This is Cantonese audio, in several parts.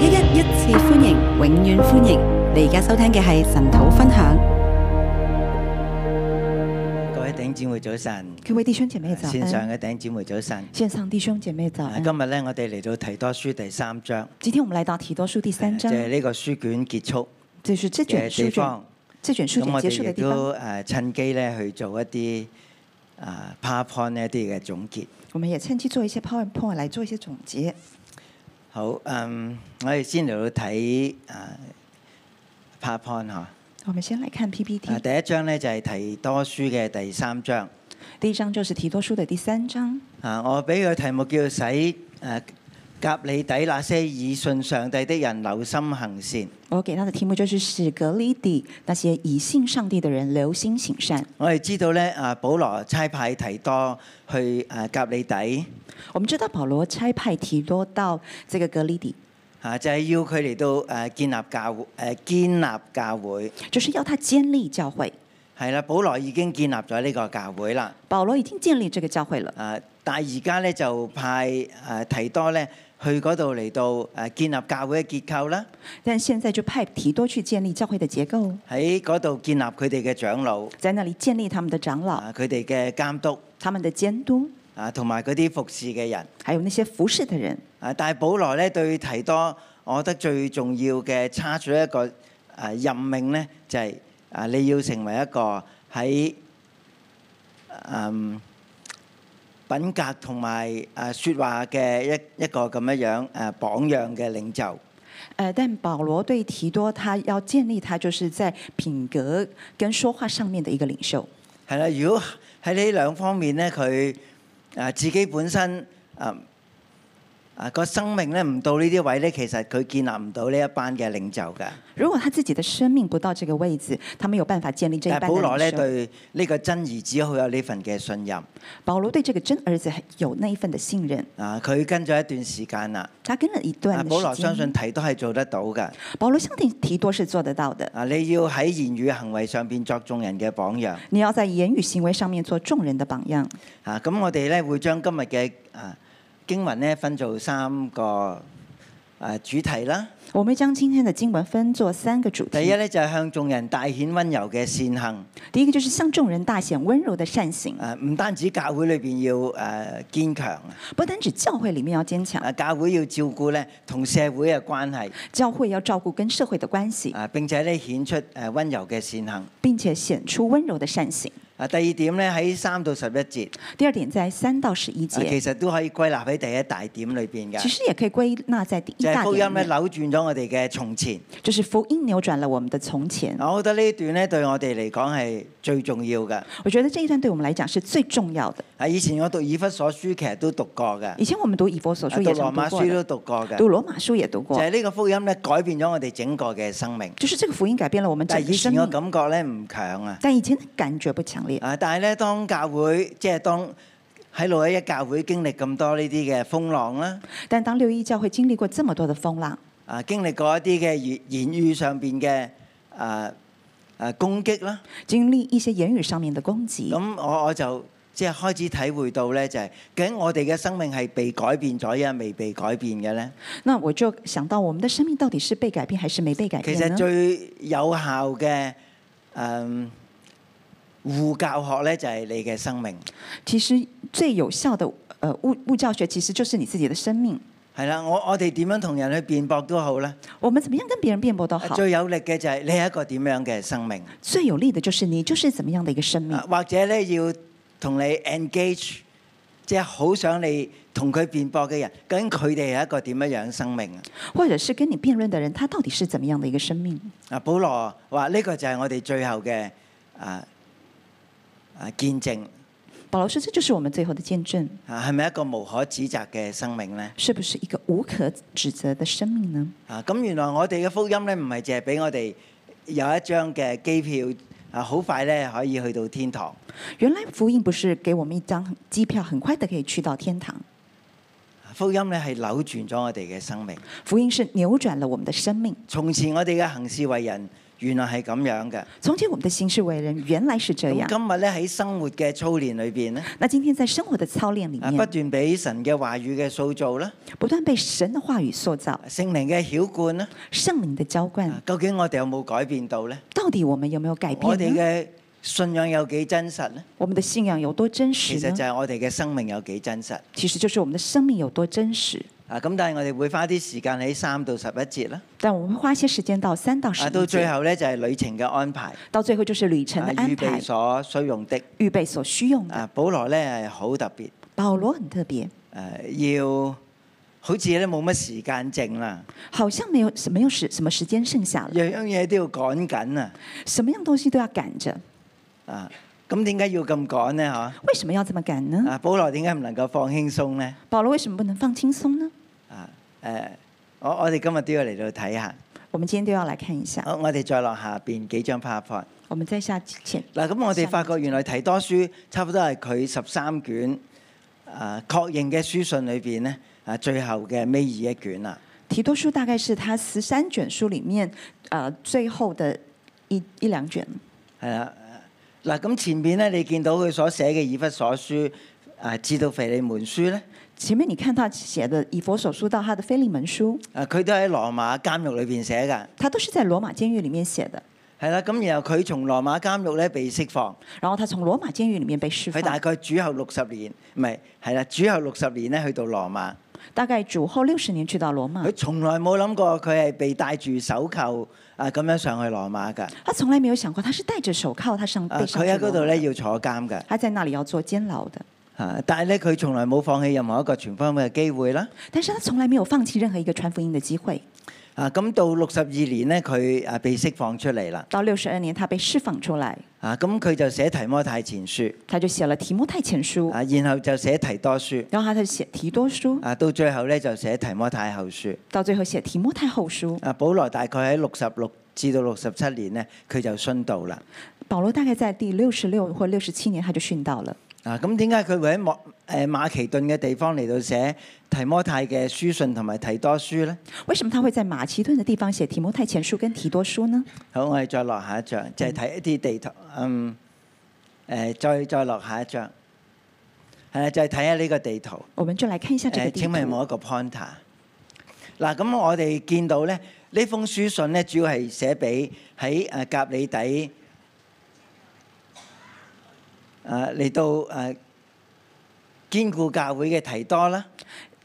一一一次歡迎，永遠歡迎！你而家收聽嘅係神土分享。各位頂姊妹早晨，各位弟兄姐妹早晨。線上嘅頂姊妹早晨，線上弟兄姐妹早、啊。今日咧，我哋嚟到提多書第三章。今天我們嚟到提多書第三章。誒、啊，呢、就是、個書卷結束地方，結束呢卷書卷。呢卷書卷結束嘅地方。咁我哋都誒趁機咧去做一啲啊 powerpoint 一啲嘅總結。我們也趁機做一些 powerpoint 嚟做一些總結。好，嗯、um,，我哋先嚟、uh, 到睇啊 PowerPoint 嗬、huh?。我們先來看 PPT。Uh, 第一章咧就係、是、提多書嘅第三章。第一章就是提多書嘅第三章。啊、uh,，我俾佢題目叫使誒。Uh, 革哩底那些已信上帝的人留心行善。我給他的題目就是使革哩底那些已信上帝的人留心行善。我哋知道咧，啊，保羅差派提多去誒革哩底。我們知道保羅差派提多到這個革哩底，啊，就係、是、要佢嚟到誒建立教誒、啊、建立教會，就是要他建立教會。係啦，保羅已經建立咗呢個教會啦。保羅已經建立這個教會了。啊，但係而家咧就派誒、啊、提多咧。去嗰度嚟到誒建立教會嘅結構啦。但係現在就派提多去建立教會嘅結構，喺嗰度建立佢哋嘅長老，在那裡建立他們嘅長老，佢哋嘅監督，他們的監督，啊，同埋嗰啲服侍嘅人，還有那些服侍的人。啊，但係保羅呢，對提多，我覺得最重要嘅差咗一個誒任命呢，就係啊你要成為一個喺嗯。品格同埋誒説話嘅一一個咁樣樣誒榜樣嘅領袖。誒，但保羅對提多，他要建立他，就是在品格跟說話上面嘅一個領袖。係啦，如果喺呢兩方面咧，佢誒自己本身啊。嗯啊！個生命咧，唔到呢啲位咧，其實佢建立唔到呢一班嘅領袖噶。如果他自己嘅生命不到這個位置，他沒有辦法建立這一班。但保羅咧對呢個真兒子好有呢份嘅信任。保羅對這個真兒子有呢一份嘅信任。啊！佢跟咗一段時間啦。他跟咗一段。啊！保羅相信提多係做得到噶。保羅相信提多是做得到的。啊！你要喺言語行為上邊作眾人嘅榜樣。你要在言語行為上面做眾人的榜樣。啊！咁我哋咧會將今日嘅啊。經文咧分做三個誒主題啦。我們將今天的經文分做三個主題。第一咧就係向眾人大顯溫柔嘅善行。第一個就是向眾人大顯溫柔的善行。誒，唔單止教會裏邊要誒堅強，不單止教會裏面要堅強。啊，教會要照顧咧同社會嘅關係。教會要照顧跟社會嘅關係。啊，並且咧顯出誒溫柔嘅善行，並且顯出溫柔嘅善行。第二點咧喺三到十一節。第二點在三到十一節。其實都可以歸納喺第一大點裏邊噶。其實也可以歸納在第一大點。就福音咧扭轉咗我哋嘅從前。就是福音扭轉了我們的從前。我覺得呢段咧對我哋嚟講係最重要嘅，我覺得呢一段對我們來講是最重要的。係以前我讀以弗所書其實都讀過嘅。以前我們讀以弗所書也曾讀過。讀羅馬書都讀過嘅。讀羅馬書也讀過。就係、是、呢個福音咧，改變咗我哋整個嘅生命。就是這個福音改變了我們整個生命。但以前嘅感覺咧唔強啊。但以前感覺不強烈。啊！但係咧，當教會即係當喺六一一教會經歷咁多呢啲嘅風浪啦。但當六一教會經歷過這麼多嘅風浪。啊，經歷過一啲嘅言言語上邊嘅啊。誒攻擊啦，經歷一些言語上面的攻擊。咁我我就即係開始體會到咧，就係究竟我哋嘅生命係被改變咗，抑係未被改變嘅咧？那我就想到，我們嘅生命到底是被改變，還是未被改變？其實最有效嘅誒護教學咧，就係你嘅生命。其實最有效的誒護護教學，其實就是你自己的生命。係啦、啊，我我哋點樣同人去辯駁都好咧。我們怎麼樣跟別人辯駁都好。最有力嘅就係你係一個點樣嘅生命。最有力嘅就是你，就是怎麼樣的一個生命。啊、或者咧要同你 engage，即係好想你同佢辯駁嘅人，究竟佢哋係一個點樣樣嘅生命啊？或者是跟你辯論嘅人，他到底是怎麼樣的一個生命？啊，保羅話呢個就係我哋最後嘅啊啊見證。保老師，這就是我們最後的見證。啊，係咪一個無可指責嘅生命呢？是不是一個無可指責的生命呢？啊，咁原來我哋嘅福音咧，唔係淨係俾我哋有一張嘅機票，啊，好快咧可以去到天堂。原來福音不是給我們一張機票，很快的可以去到天堂。福音咧係扭轉咗我哋嘅生命。福音是扭轉了我們的生命。從前我哋嘅行事為人。原來係咁樣嘅。從前我們的行事為人原來是這樣。今日咧喺生活嘅操練裏邊呢，那今天在生活的操練裏面，不斷俾神嘅話語嘅塑造啦。不斷被神嘅話，話語塑造。聖靈嘅澆灌啦。聖靈的澆灌。究竟我哋有冇改變到呢？到底我們有冇有改變？我哋嘅信仰有幾真實呢？我們嘅信仰有多真實？其實就係我哋嘅生命有幾真實？其實就是我們嘅生命有多真實。啊，咁但係我哋會花啲時間喺三到十一節啦。但係我會花些時間到三到十一。啊，到最後咧就係、是、旅程嘅安排。到最後就是旅程嘅安排。啊、所需用的。預備所需用嘅。啊，保羅咧係好特別。保羅很特別。誒，要好似咧冇乜時間剩啦。好像沒有，沒有時，什麼時間剩下？樣樣嘢都要趕緊啊！什麼樣東西都要趕着。啊，咁點解要咁趕呢？吓？為什麼要這麼趕呢？啊，保羅點解唔能夠放輕鬆呢？保羅為什麼不能放輕鬆呢？誒、嗯，我我哋今日都要嚟到睇下。我們今天都要來看一下。好，我哋再落下邊幾張 PowerPoint 我們再下前。嗱、啊，咁我哋發覺原來提多書差唔多係佢十三卷啊確認嘅書信裏邊咧啊最後嘅尾二一卷啦。提多書大概是他十三卷書裡面啊最後的一一兩卷。係啊，嗱咁前邊咧你見到佢所寫嘅以弗所書啊，直到腓利門書咧。前面你看他寫的《以弗所書》到他的《腓利門書》，啊，佢都喺羅馬監獄裏邊寫嘅。他都是在羅馬監獄裡面寫的。係啦，咁然後佢從羅馬監獄咧被釋放，然後他從羅馬監獄裡面被釋放。佢大概主後六十年，唔係係啦，主後六十年咧去到羅馬，大概主後六十年去到羅馬。佢從來冇諗過佢係被戴住手扣啊咁樣上去羅馬嘅。他從來沒有想過，他是戴着手銬，他上。啊，佢喺嗰度咧要坐監嘅。他在那裏要坐監牢的。但係咧，佢從來冇放棄任何一個傳福音嘅機會啦。但是他從來沒有放棄任何一個傳福音嘅機會。啊！咁到六十二年呢，佢啊被釋放出嚟啦。到六十二年，他被釋放出嚟。啊！咁佢就寫提摩太前書。他就寫了提摩太前書。啊！然後就寫提多書。然後他就寫提多書。啊！到最後呢，就寫提摩太後書。到最後寫提摩太後書。啊！保羅大概喺六十六至到六十七年呢，佢就殉道啦。保羅大概在第六十六或六十七年，他就殉道了。啊，咁點解佢會喺莫誒馬其頓嘅地方嚟到寫提摩太嘅書信同埋提多書咧？為什麼他會在馬其頓嘅地方寫提摩太前書跟提多書呢？好，我哋再落下一張，就係、是、睇一啲地圖。嗯，誒、嗯，再再落下一張，誒、啊，就係睇下呢個地圖。我們就來看一下這個地圖、啊、請問有冇一個 pointer 嗱，咁我哋見到咧，呢封書信咧，主要係寫俾喺誒革哩底。誒、啊、嚟到誒、啊、堅固教會嘅提多啦。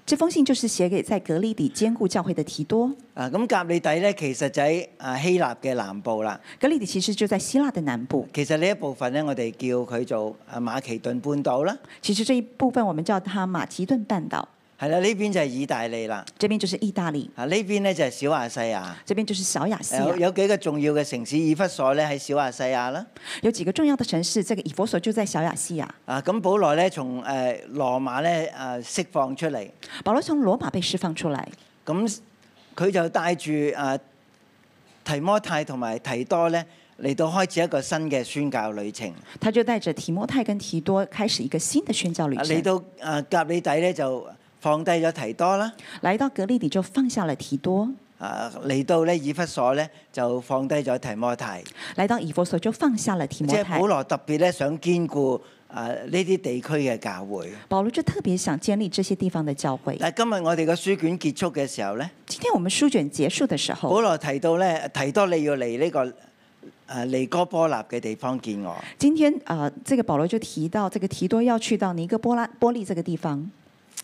這封信就是寫給在革哩底堅固教會嘅提多。啊，咁革哩底咧，其實就喺啊希臘嘅南部啦。革哩底其實就在希臘嘅南部。其實呢一部分咧，我哋叫佢做啊馬其頓半島啦。其實這一部分，我們叫它馬其頓半島。係啦，呢邊就係意大利啦。呢邊就是意大利。啊，呢邊呢就係小亞細亞。呢邊就是小亞細亞。有幾個重要嘅城市，以弗所咧喺小亞細亞啦。有幾個重要嘅城市，即、這個以弗所就在小亞細亞。啊，咁保羅呢，從誒、呃、羅馬咧啊釋放出嚟。保羅從羅馬被釋放出嚟。咁佢就帶住啊、呃、提摩太同埋提多呢嚟到開始一個新嘅宣教旅程。佢就帶着提摩太跟提多開始一個新嘅宣教旅程。嚟到啊革哩底呢，就。放低咗提多啦，嚟到革哩底就放下了提多。啊，嚟到咧以弗所咧就放低咗提摩太，嚟到以弗所就放下了提摩太。即係保羅特別咧想兼顧誒呢啲地區嘅教會，保羅就特別想建立這些地方嘅教會。但今日我哋個書卷結束嘅時候咧，今天我們書卷結束嘅時候，保羅提到咧提多，你要嚟呢、這個誒尼、啊、哥波納嘅地方見我。今天啊，這個保羅就提到，這個提多要去到尼哥波拉波利這個地方。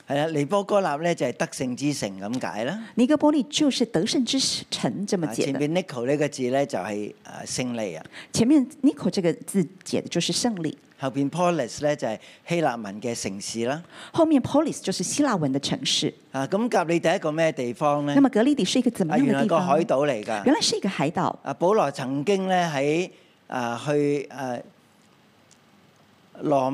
係啦，尼哥波立咧就係得勝之城咁解啦。尼哥波利就是得勝之城，這麼解。前面 Nico 呢個字咧就係誒勝利啊。前面 Nico 呢個字解嘅就是勝利。後邊 polis 咧就係希臘文嘅城市啦。後面 polis 就是希臘文嘅城，城市。啊，咁革哩底第一個咩地方咧？咁啊，革哩底是一個怎樣嘅地方？原來個海島嚟噶。原來是一個海島。啊，保羅曾經咧喺、啊、去誒羅、啊、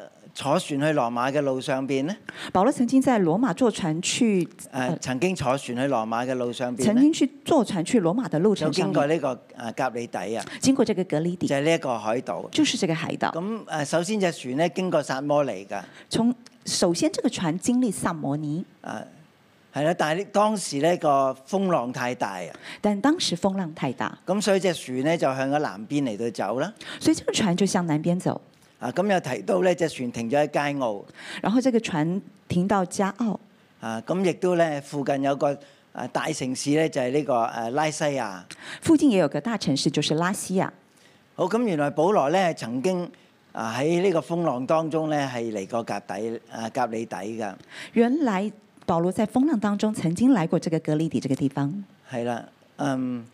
馬。坐船去羅馬嘅路上邊咧？保羅曾經在羅馬坐船去誒、呃，曾經坐船去羅馬嘅路上邊。曾經去坐船去羅馬嘅路上。有經過呢個誒革哩底啊？經過這個革哩底。就係呢一個海島。就是這個海島。咁、就、誒、是，首先隻船咧經過薩摩尼噶。從首先，這個船經歷薩摩尼。誒、啊，係啦，但係當時呢個風浪太大啊。但當時風浪太大。咁所以隻船咧就向咗南邊嚟到走啦。所以這個船就向南邊走。啊，咁又提到呢隻船停咗喺佳澳，然後這個船停到佳澳。啊，咁亦都咧，附近有個啊大城市咧，就係呢個誒拉西亞。附近也有個大城市，就是拉西亞。好，咁原來保羅咧曾經啊喺呢個風浪當中咧，係嚟過革底啊革哩底㗎。原來保羅在風浪當中曾經嚟過這個革哩底這個地方。係啦，嗯，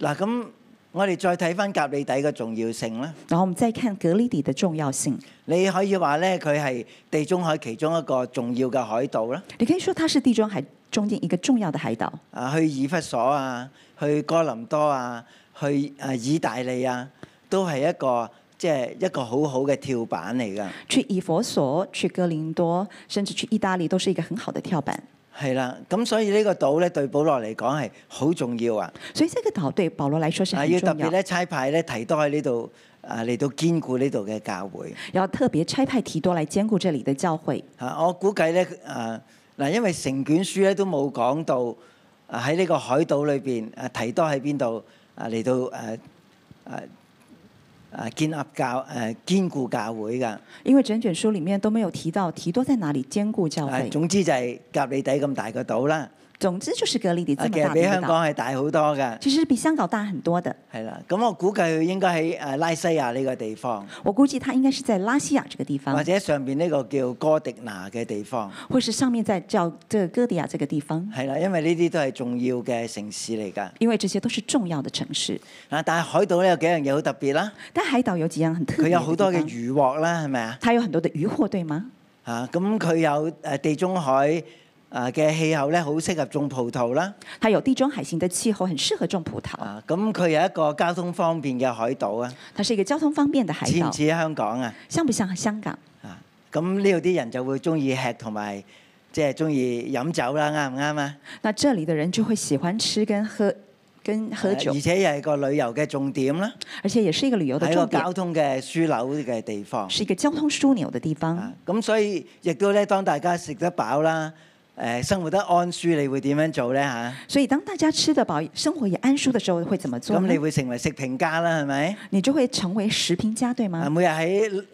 嗱、啊、咁。我哋再睇翻革哩底嘅重要性啦。然後我們再看革哩底的重要性。你可以話咧，佢係地中海其中一個重要嘅海島啦。你可以說它是地中海中間一個重要的海島。啊，去以弗所啊，去哥林多啊，去啊意大利啊，都係一個即係一個好好嘅跳板嚟噶。去以弗所、去哥林多，甚至去意大利，都是一個很好的跳板。係啦，咁所以呢個島咧對保羅嚟講係好重要啊。所以呢個島對保羅嚟說係要，要特別咧差派咧提多喺呢度啊嚟到兼顧呢度嘅教會。要特別差派提多嚟兼顧這裡嘅教會。啊，我估計咧啊嗱，因為成卷書咧都冇講到啊喺呢個海島裏邊啊提多喺邊度啊嚟到誒誒。啊啊啊，建立教、啊、兼顧教會噶，因為整卷書裏面都沒有提到提多在哪裏兼顧教會，啊，總之就係革哩底咁大個島啦。總之就是革哩底，其實比香港係大好多嘅。其實比香港大很多嘅。係啦，咁我估計佢應該喺誒拉西亞呢個地方。我估計他應該是在拉西亞這個地方。或者上面呢個叫哥迪拿嘅地方。或是上面再叫這哥迪亞這個地方。係啦，因為呢啲都係重要嘅城市嚟㗎。因為這些都是重要嘅城，城市。嗱，但係海島咧有幾樣嘢好特別啦。但海島有幾樣很特別。佢有好多嘅魚獲啦，係咪啊？它有很多嘅漁獲，對嗎？啊，咁佢有誒地中海。啊嘅氣候咧，好適合種葡萄啦。它有地中海型嘅氣候，很適合種葡萄。啊，咁佢有一個交通方便嘅海島啊。它是一個交通方便嘅海島。似唔似香港啊？像不像香港？啊，咁呢度啲人就會中意吃同埋，即係中意飲酒啦，啱唔啱啊？那這裏嘅人就會喜歡吃跟喝跟喝酒，而且又係個旅遊嘅重點啦。而且也是一個旅遊嘅一個交通嘅樞紐嘅地方。是一個交通樞紐嘅地方。咁、啊嗯、所以亦都咧，當大家食得飽啦。誒生活得安舒，你會點樣做咧嚇？所以當大家吃得飽、生活也安舒嘅時候，會怎麼做？咁你會成為食評家啦，係咪？你就會成為食評家，對嗎？每日喺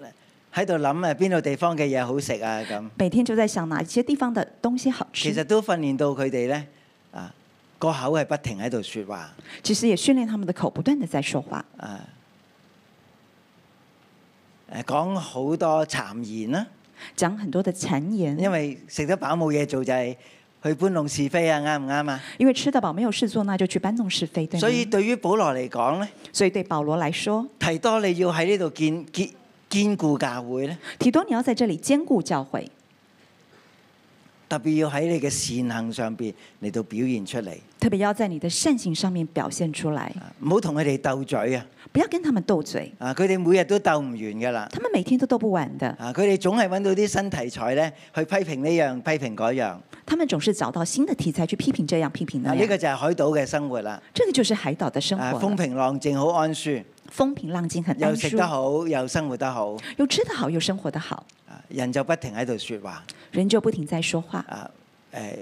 喺度諗啊，邊度地方嘅嘢好食啊咁。每天就在想哪些地方的東西好吃。其實都訓練到佢哋咧，啊個口係不停喺度説話。其實也訓練他們的口不斷的在說話。啊，誒講好多讒言啦、啊。講很多的讒言，因為食得飽冇嘢做就係去搬弄是非啊，啱唔啱啊？因為吃得飽沒有事做，那就去搬弄是非。所以對於保羅嚟講咧，所以對保羅來說，提多你要喺呢度堅堅堅固教會咧，提多你要在這裏堅固教會，特別要喺你嘅善行上邊嚟到表現出嚟，特別要在你的善行上面表現出嚟，唔好同佢哋鬥嘴啊。不要跟他們鬥嘴啊！佢哋每日都鬥唔完㗎喇。他們每天都鬥不完的。啊！佢哋總係揾到啲新題材咧，去批評呢樣批評嗰樣。他們總是找到新的題材去批評這樣批評那樣。呢個就係海島嘅生活啦。這個就是海島的生活、啊。風平浪靜，好安舒。風平浪靜，很安舒。又食得好，又生活得好。又吃得好，又生活得好。人就不停喺度說話。人就不停在說話。啊！誒、呃，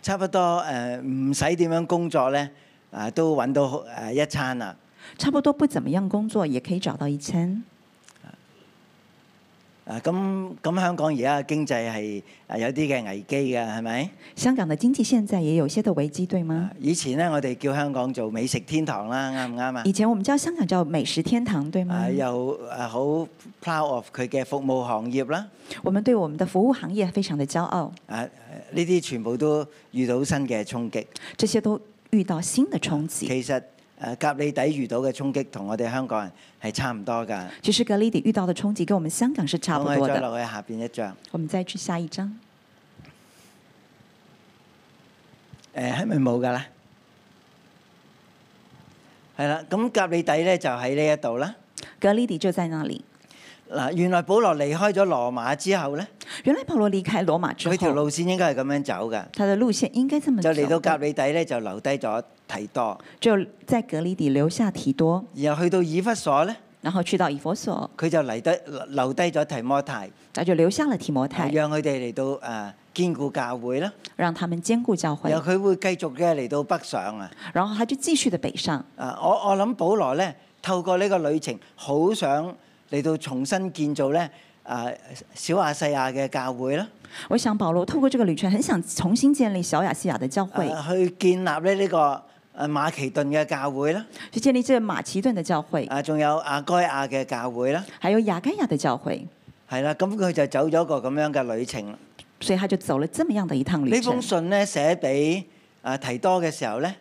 差不多誒，唔使點樣工作咧，啊都揾到誒、呃、一餐啦。差不多不怎麼樣工作也可以找到一千。啊，咁咁香港而家經濟係誒有啲嘅危機噶係咪？香港嘅經濟現在也有些的危機，對嗎？以前咧，我哋叫香港做美食天堂啦，啱唔啱啊？以前我們叫香港叫美食天堂，對嗎？有、啊、誒好 proud of 佢嘅服務行業啦。我們對我們的服務行業非常的驕傲。啊，呢啲全部都遇到新嘅衝擊。這些都遇到新的衝擊、啊。其實。誒，革哩底遇到嘅衝擊同我哋香港人係差唔多噶。其實革哩底遇到嘅衝擊跟我們香港是差不多。我哋再落去下邊一張。我們再去下一張。誒係咪冇㗎咧？係啦，咁革哩底咧就喺呢一度啦。革哩底就在那裡。嗱，原來保羅離開咗羅馬之後咧。原來保羅離開羅馬之後，佢條路線應該係咁樣走噶。佢的路線應該這麼走，就嚟到格里底咧，就留低咗提多。就在格里底，留下提多。然後去到以弗所咧，然後去到以弗所。佢就嚟得留低咗提摩太，他就留下了提摩太，讓佢哋嚟到誒堅固教會啦，讓他們堅固教會。然後佢會繼續嘅嚟到北上啊，然後他就繼續地北上。啊，我我諗保羅咧透過呢個旅程，好想嚟到重新建造咧。啊！小亞細亞嘅教會啦，我想保羅透過這個旅程，很想重新建立小亞細亞嘅教，啊、教會，去建立咧呢個馬其頓嘅教會啦，去建立只馬其頓嘅教會。啊，仲有亞該亞嘅教會啦，還有亞該亞嘅教會。係啦，咁佢就走咗個咁樣嘅旅程，所以他就走了這麼樣的一趟旅程。呢封信呢，寫俾啊提多嘅時候呢。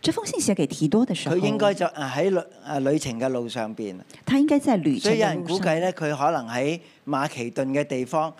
這封信寫給提多的時候，佢應該就誒喺旅誒旅程嘅路上邊。他應該在旅程。所以有人估計咧，佢可能喺馬其頓嘅地方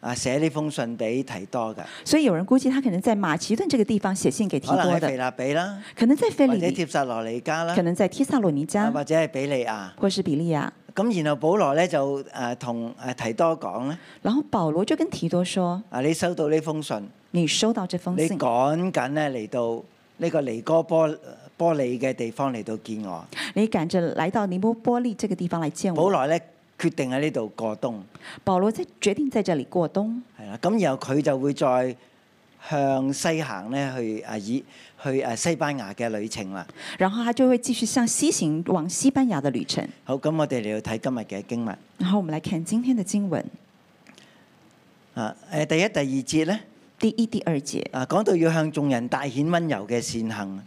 啊寫呢封信俾提多嘅。所以有人估計，他可能在馬其頓這個地方寫信給提多。可能喺腓立比啦，可能在腓立或者帖撒羅尼加啦，可能在帖撒羅尼加，羅尼加或者係比利亞，或是比利亞。咁然後保羅咧就誒同誒提多講咧，然後保羅就跟提多說：啊你收到呢封信，你收到這封信，你趕緊咧嚟到，呢、這個尼哥波波利嘅地方嚟到見我，你趕着嚟到尼波波利這個地方嚟見我。保羅咧決定喺呢度過冬。保羅即決定在這裏過冬。係啦，咁、啊、然後佢就會再向西行咧去，、啊、去啊以去誒西班牙嘅旅程啦。然後他就會繼續向西行往西班牙嘅旅程。好，咁我哋嚟到睇今日嘅經文。然後我們來看今天的經文。啊，誒，第一、第二節咧。第一、第二節啊，講到要向眾人大顯温柔嘅善行，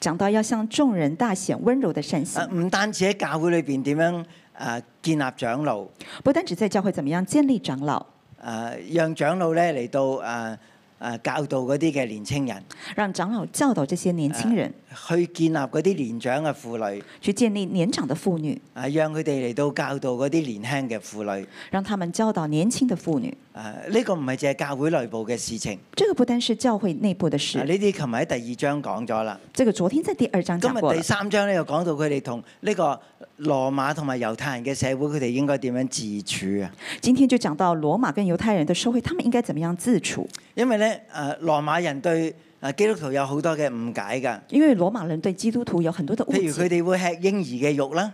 講到要向眾人大顯温柔的善行。唔、啊、單止喺教會裏邊點樣誒、啊、建立長老，不單止在教會怎麼樣建立長老。誒，讓長老咧嚟到誒誒、啊啊、教導嗰啲嘅年輕人，讓長老教導這些年輕人。去建立嗰啲年長嘅婦女，去建立年長嘅婦女，啊，讓佢哋嚟到教導嗰啲年輕嘅婦女，讓他們教導年輕嘅婦女。啊，呢、這個唔係淨係教會內部嘅事情。這個不單是教會內部嘅事。呢啲琴日喺第二章講咗啦。即、這個昨天在第二章講過。今日第三章呢又講到佢哋同呢個羅馬同埋猶太人嘅社會，佢哋應該點樣自處啊？今天就講到羅馬跟猶太人的社會，他們應該怎麼樣自處？因為咧，誒、啊，羅馬人對。啊，基督徒有好多嘅誤解噶。因為羅馬人對基督徒有很多嘅誤解。譬如佢哋會吃嬰兒嘅肉啦，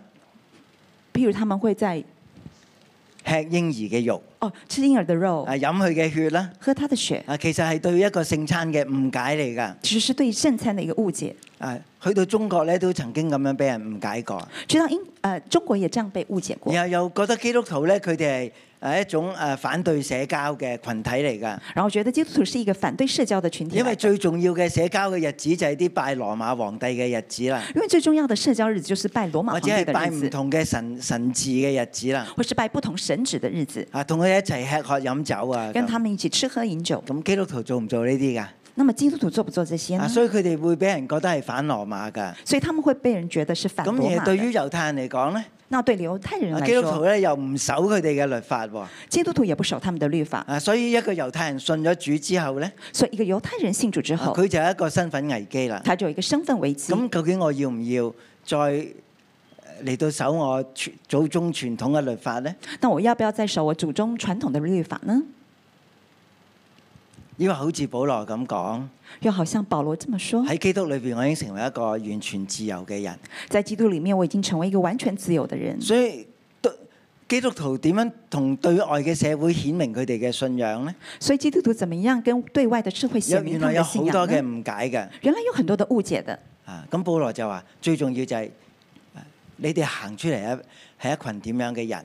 譬如他們會在吃嬰兒嘅肉。哦，吃嬰兒嘅肉。啊，飲佢嘅血啦。喝他的血。啊，其實係對一個聖餐嘅誤解嚟噶。其實係對聖餐嘅一個誤解。啊，去到中國咧都曾經咁樣俾人誤解過。其實英，啊、呃，中國也這樣被誤解過。然後又覺得基督徒咧佢哋。他們係一種誒反對社交嘅群體嚟㗎。然後我覺得基督徒是一個反對社交嘅群體。因為最重要嘅社交嘅日子就係啲拜羅馬皇帝嘅日子啦。因為最重要嘅社交日子就是拜羅馬皇帝或者係拜唔同嘅神神旨嘅日子啦。或是拜不同神旨嘅日子。啊，同佢一齊吃喝飲酒啊！跟他們一起吃喝飲酒。咁基督徒做唔做呢啲㗎？那麼基督徒做唔做這些？啊，所以佢哋會俾人覺得係反羅馬㗎。所以他們會被人覺得是反羅馬。咁而對於猶太人嚟講咧？那對猶太人基督徒咧，又唔守佢哋嘅律法。基督徒也不守他們的律法。啊，所以一個猶太人信咗主之後咧，所以一個猶太人信主之後，佢就有一個身份危機啦。他有一個身份危機。咁究竟我要唔要再嚟到守我祖宗傳統嘅律法咧？但我要不要再守我祖宗傳統嘅律法呢？因為好似保羅咁講，又好像保羅這麼說，喺基督裏邊，我已經成為一個完全自由嘅人。在基督裏面，我已經成為一個完全自由嘅人。所以，基督徒點樣同對外嘅社會顯明佢哋嘅信仰呢？所以基督徒怎麼樣跟對外嘅社會顯明，原來有好多嘅誤解嘅，原來有很多的誤解的，的，誤解的啊。咁保羅就話，最重要就係你哋行出嚟一係一群點樣嘅人。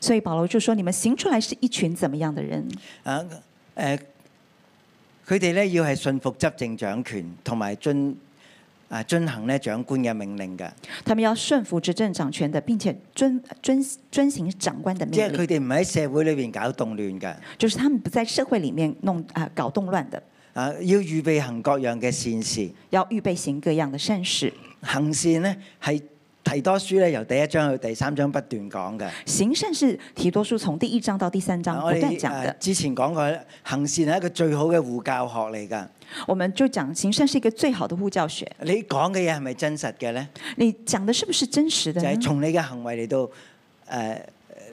所以保羅就說，你們行出來是一群怎麼樣的人？誒、啊。呃佢哋咧要係順服執政掌權，同埋遵啊遵行咧長官嘅命令嘅。他們要順服執政掌權的，並且遵遵遵行長官的命令。即係佢哋唔喺社會裏邊搞動亂嘅。就是他們不在社會裏面弄啊搞動亂的。啊，要預備行各樣嘅善事。要預備行各樣嘅善事。行善呢係。提多書咧由第一章到第三章不斷講嘅行善，是提多書從第一章到第三章不斷講嘅。之前講過行善係一個最好嘅護教學嚟噶我們就講行善是一個最好嘅護教學。你講嘅嘢係咪真實嘅咧？你講嘅是不是真實嘅？就係從你嘅行為嚟到誒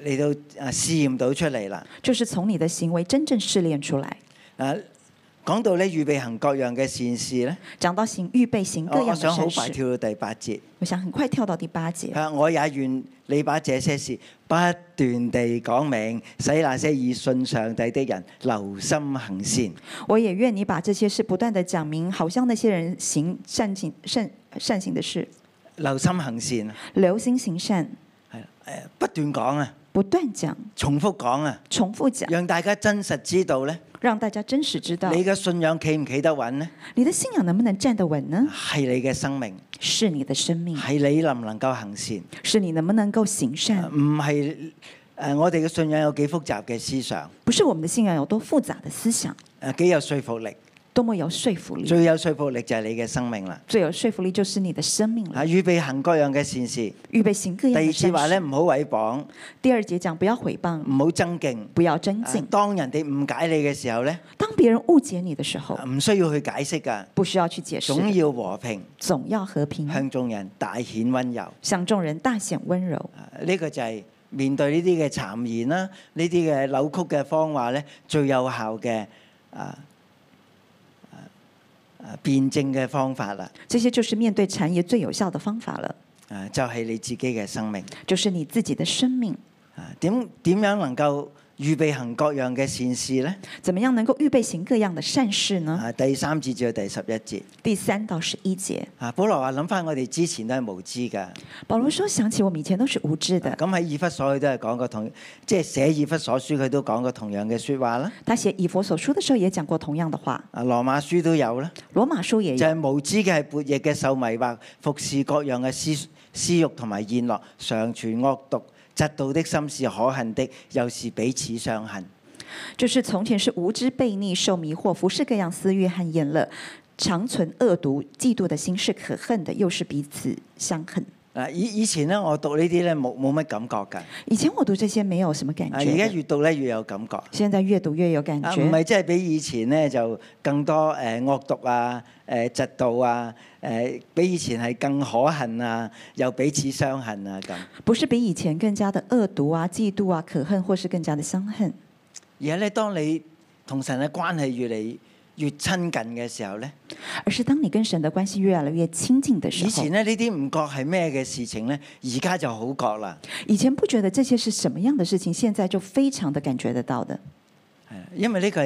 嚟到誒試驗到出嚟啦。就是從你的行為真正試煉出來。啊講到咧預備行各樣嘅善事咧，講到善預備行各樣嘅善事，我想好快跳到第八節。我想很快跳到第八節。係我也願你把這些事不斷地講明，使那些以信上帝的人留心行善。我也願你把這些事不斷地講明，好向那些人行善行善善行的事。留心行善啊！留心行善係誒，不斷講啊！不斷講，重複講啊，重複講，讓大家真實知道咧，讓大家真實知道。你嘅信仰企唔企得穩呢？你的信仰能不能站得穩呢？係你嘅生命，是你的生命，係你能唔能夠行善，是你能不能夠行善？唔係誒，我哋嘅信仰有幾複雜嘅思想？不是我們的信仰有多複雜嘅思想？誒，幾有說服力？多麼有說服力？最有說服力就係你嘅生命啦。最有說服力就是你嘅生命啦。啊，預備行各樣嘅善事。預備行各樣。第二節話咧，唔好毀謗。第二節講不要毀謗，唔好爭競，不要爭競。當人哋誤解你嘅時候咧，當別人誤解你嘅時候，唔、啊、需要去解釋噶，不需要去解釋。總要和平，總要和平。向眾人大顯溫柔，向眾人大顯溫柔。呢、這個就係面對呢啲嘅讒言啦、啊，呢啲嘅扭曲嘅謊話咧，最有效嘅啊。辯證嘅方法啦，這些就是面對殘業最有效的方法了。啊，就係你自己嘅生命，就是你自己的生命。啊，點點樣能夠。預備行各樣嘅善事咧，怎麼樣能夠預備行各樣嘅善事呢？啊，第三節至到第十一節，第三到十一節。啊，保羅話諗翻我哋之前都係無知噶保羅說想起我們以前都是無知的。咁喺以弗所佢都係講過同，即係寫以弗所書佢都講過同樣嘅說話啦。他寫以弗所書嘅時候也講過同樣嘅話。啊，羅馬書都有啦。羅馬書也就係、是、無知嘅，係博逆嘅受迷惑，服侍各樣嘅私私欲同埋艷樂，常存惡毒。長存毒嫉妒的心是可恨的，又是彼此相恨。就是從前是無知悖逆受迷惑，服侍各樣私欲和宴樂，長存惡毒嫉妒的心是可恨的，又是彼此相恨。嗱，以以前咧，我讀呢啲咧冇冇乜感覺噶。以前我讀這些沒有什麼感覺。而家越讀咧越有感覺。現在越讀越有感覺。唔係即係比以前呢，就更多誒、呃、惡毒啊，誒嫉妒啊。誒，比以前係更可恨啊，又彼此相恨啊，咁。不是比以前更加的惡毒啊、嫉妒啊、可恨，或是更加的相恨？而係咧，當你同神嘅關係越嚟越親近嘅時候咧。而是當你跟神的關係越來越親近的時候。以前呢，呢啲唔覺係咩嘅事情咧，而家就好覺啦。以前不覺得這些是什麼樣的事情，現在就非常的感覺得到的。係啊，因為呢個。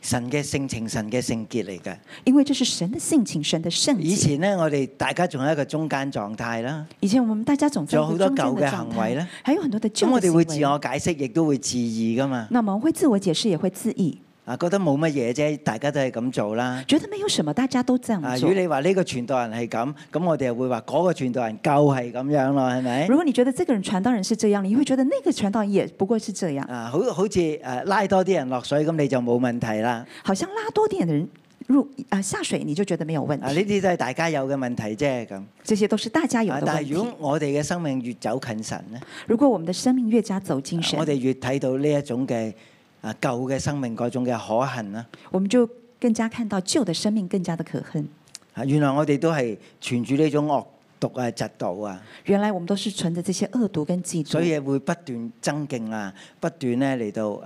神嘅性情，神嘅聖潔嚟㗎。因為這是神嘅性情，神嘅聖潔。以前咧，我哋大家仲喺一個中間狀態啦。以前我們大家仲有好多舊嘅行為咧。還有很多嘅舊的行為。咁我哋會自我解釋，亦都會自義噶嘛。那麼會自我解釋，也會自義。啊，覺得冇乜嘢啫，大家都係咁做啦。覺得沒有什麼，大家都這樣做。啊，如果你話呢個傳道人係咁，咁我哋又會話嗰個傳道人夠係咁樣咯，係咪？如果你覺得這個人傳道人是這樣，你會覺得那個傳道人也不過是這樣。啊，好好似誒、啊、拉多啲人落水，咁你就冇問題啦。好像拉多啲人入啊下水，你就覺得沒有問題。呢啲都係大家有嘅問題啫，咁。這些都是大家有的問題。有問題啊、但係如果我哋嘅生命越走近神咧，如果我們的生命越加走近神，啊、我哋越睇到呢一種嘅。啊！舊嘅生命嗰種嘅可恨啦、啊，我們就更加看到舊嘅生命更加的可恨啊。啊！原來我哋都係存住呢種惡毒啊、嫉妒啊。原來我們都是存着這些惡毒跟嫉妒、啊，所以會不斷增勁啊，不斷咧嚟,到誒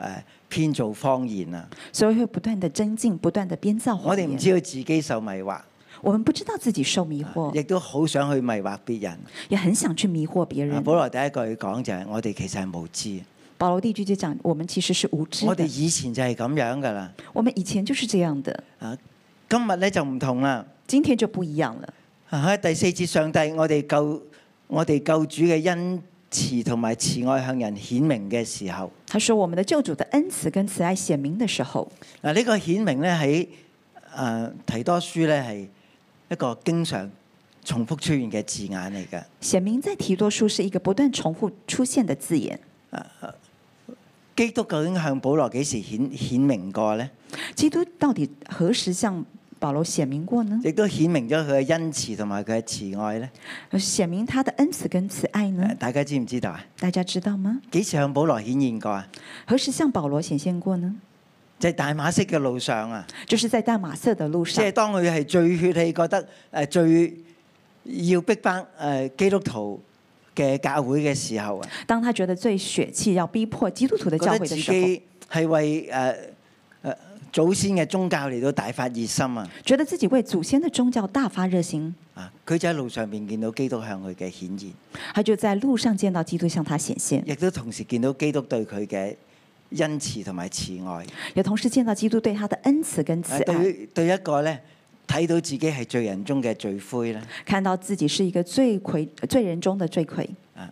編、啊、造謊言啊。所以會不斷的增進，不斷的編造謊言。我哋唔知道自己受迷惑，我們不知道自己受迷惑、啊，亦、啊、都好想去迷惑別人、啊啊，也很想去迷惑別人、啊。保、啊、羅第一句講就係：我哋其實係無知。保羅地就講，我們其實是無知。我哋以前就係咁樣噶啦。我們以前就是這樣的。啊，今日咧就唔同啦。今天就不一樣了。喺第四節，上帝我哋救我哋救主嘅恩慈同埋慈愛向人顯明嘅時候，他說，我們的救主的恩慈跟慈愛顯明的時候。嗱，呢個顯明咧喺誒提多書咧係一個經常重複出現嘅字眼嚟嘅。顯明在提多書是一個不斷重複出現的字眼。啊！基督究竟向保羅幾時顯顯明過呢？基督到底何時向保羅顯明過呢？亦都顯明咗佢嘅恩慈同埋佢嘅慈愛呢？顯明他的恩慈跟慈愛呢？大家知唔知道啊？大家知道嗎？幾時向保羅顯現過啊？何時向保羅顯現過呢？就是、在大馬色嘅路上啊！就是在大馬色嘅路上。即係當佢係最血氣，覺得誒最要逼迫誒基督徒。嘅教會嘅時候啊，當他覺得最血氣要逼迫基督徒的教會的時候，覺得自己係為誒誒、啊啊、祖先嘅宗教嚟到大發熱心啊，覺得自己為祖先的宗教大發熱心啊，佢就喺路上面見到基督向佢嘅顯現，佢就在路上見到基督向他顯現，亦都同時見到基督對佢嘅恩慈同埋慈愛，也同時見到基督對他的恩慈跟慈愛，啊、對對一個咧。睇到自己係罪人中嘅罪魁咧，看到自己是一個罪魁罪人中嘅罪魁。啊！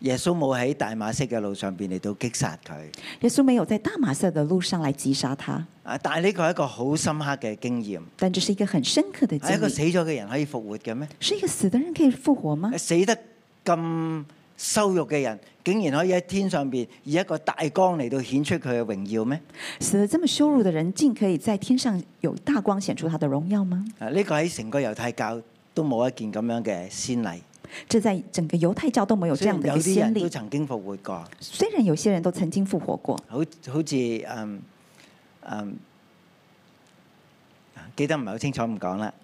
耶穌冇喺大馬色嘅路上邊嚟到擊殺佢。耶穌沒有在大馬色嘅路上來擊殺他。啊！但係呢個係一個好深刻嘅經驗。但這是一個很深刻的。係一個死咗嘅人可以復活嘅咩？是一個死的人可以復活的嗎？死得咁。羞辱嘅人竟然可以喺天上邊以一個大光嚟到顯出佢嘅榮耀咩？使得這麼羞辱嘅人，竟可以在天上有大光顯出他嘅榮耀嗎？啊，呢個喺成個猶太教都冇一件咁樣嘅先例。這在整個猶太教都冇有這樣嘅先例。有啲人都曾經復活過。雖然有些人都曾經復活過，好好似嗯嗯，記得唔係好清楚，唔講啦。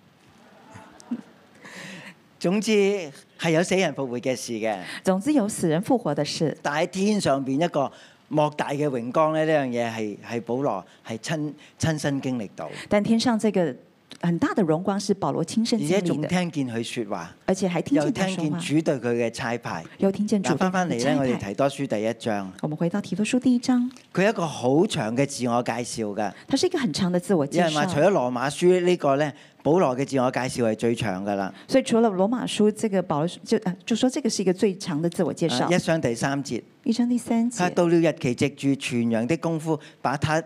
總之。係有死人復活嘅事嘅，總之有死人復活嘅事。但喺天上邊一個莫大嘅榮光咧，呢樣嘢係係保羅係親親身經歷到。但天上這個很大的榮光是保羅親身經歷到。而且仲聽見佢説話，而且喺還聽見，聽，見聽見主對佢嘅差派，又聽見主翻翻嚟咧。我哋提多書第一章，我們回到提多書第一章，佢係一個好長嘅自我介紹㗎。佢是一個很長嘅自我介紹。因為除咗羅馬書呢個咧。保羅嘅自我介紹係最長嘅啦，所以除了《羅馬書》呢個保就就説，這個是一個最長的自我介紹。啊、一章第三節，一章第三節，他到了日期藉住傳揚的功夫把他。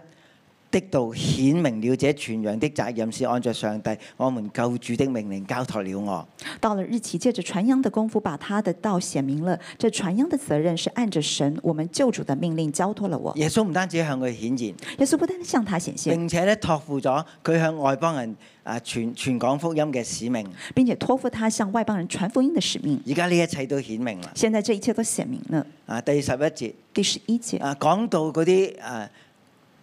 的道顯明了，這傳揚的責任是按照上帝、我們救主的命令交託了我。到了日期，借着傳揚的功夫，把他的道顯明了。這傳揚的責任是按着神、我們救主的命令交託了我。耶穌唔單止向佢顯現，耶穌不單止向他顯現，並且咧託付咗佢向外邦人啊傳傳講福音嘅使命，並且託付他向外邦人傳福音嘅使命。而家呢一切都顯明啦，現在這一切都顯明了。啊，第十一節，第十一節啊，講到嗰啲啊。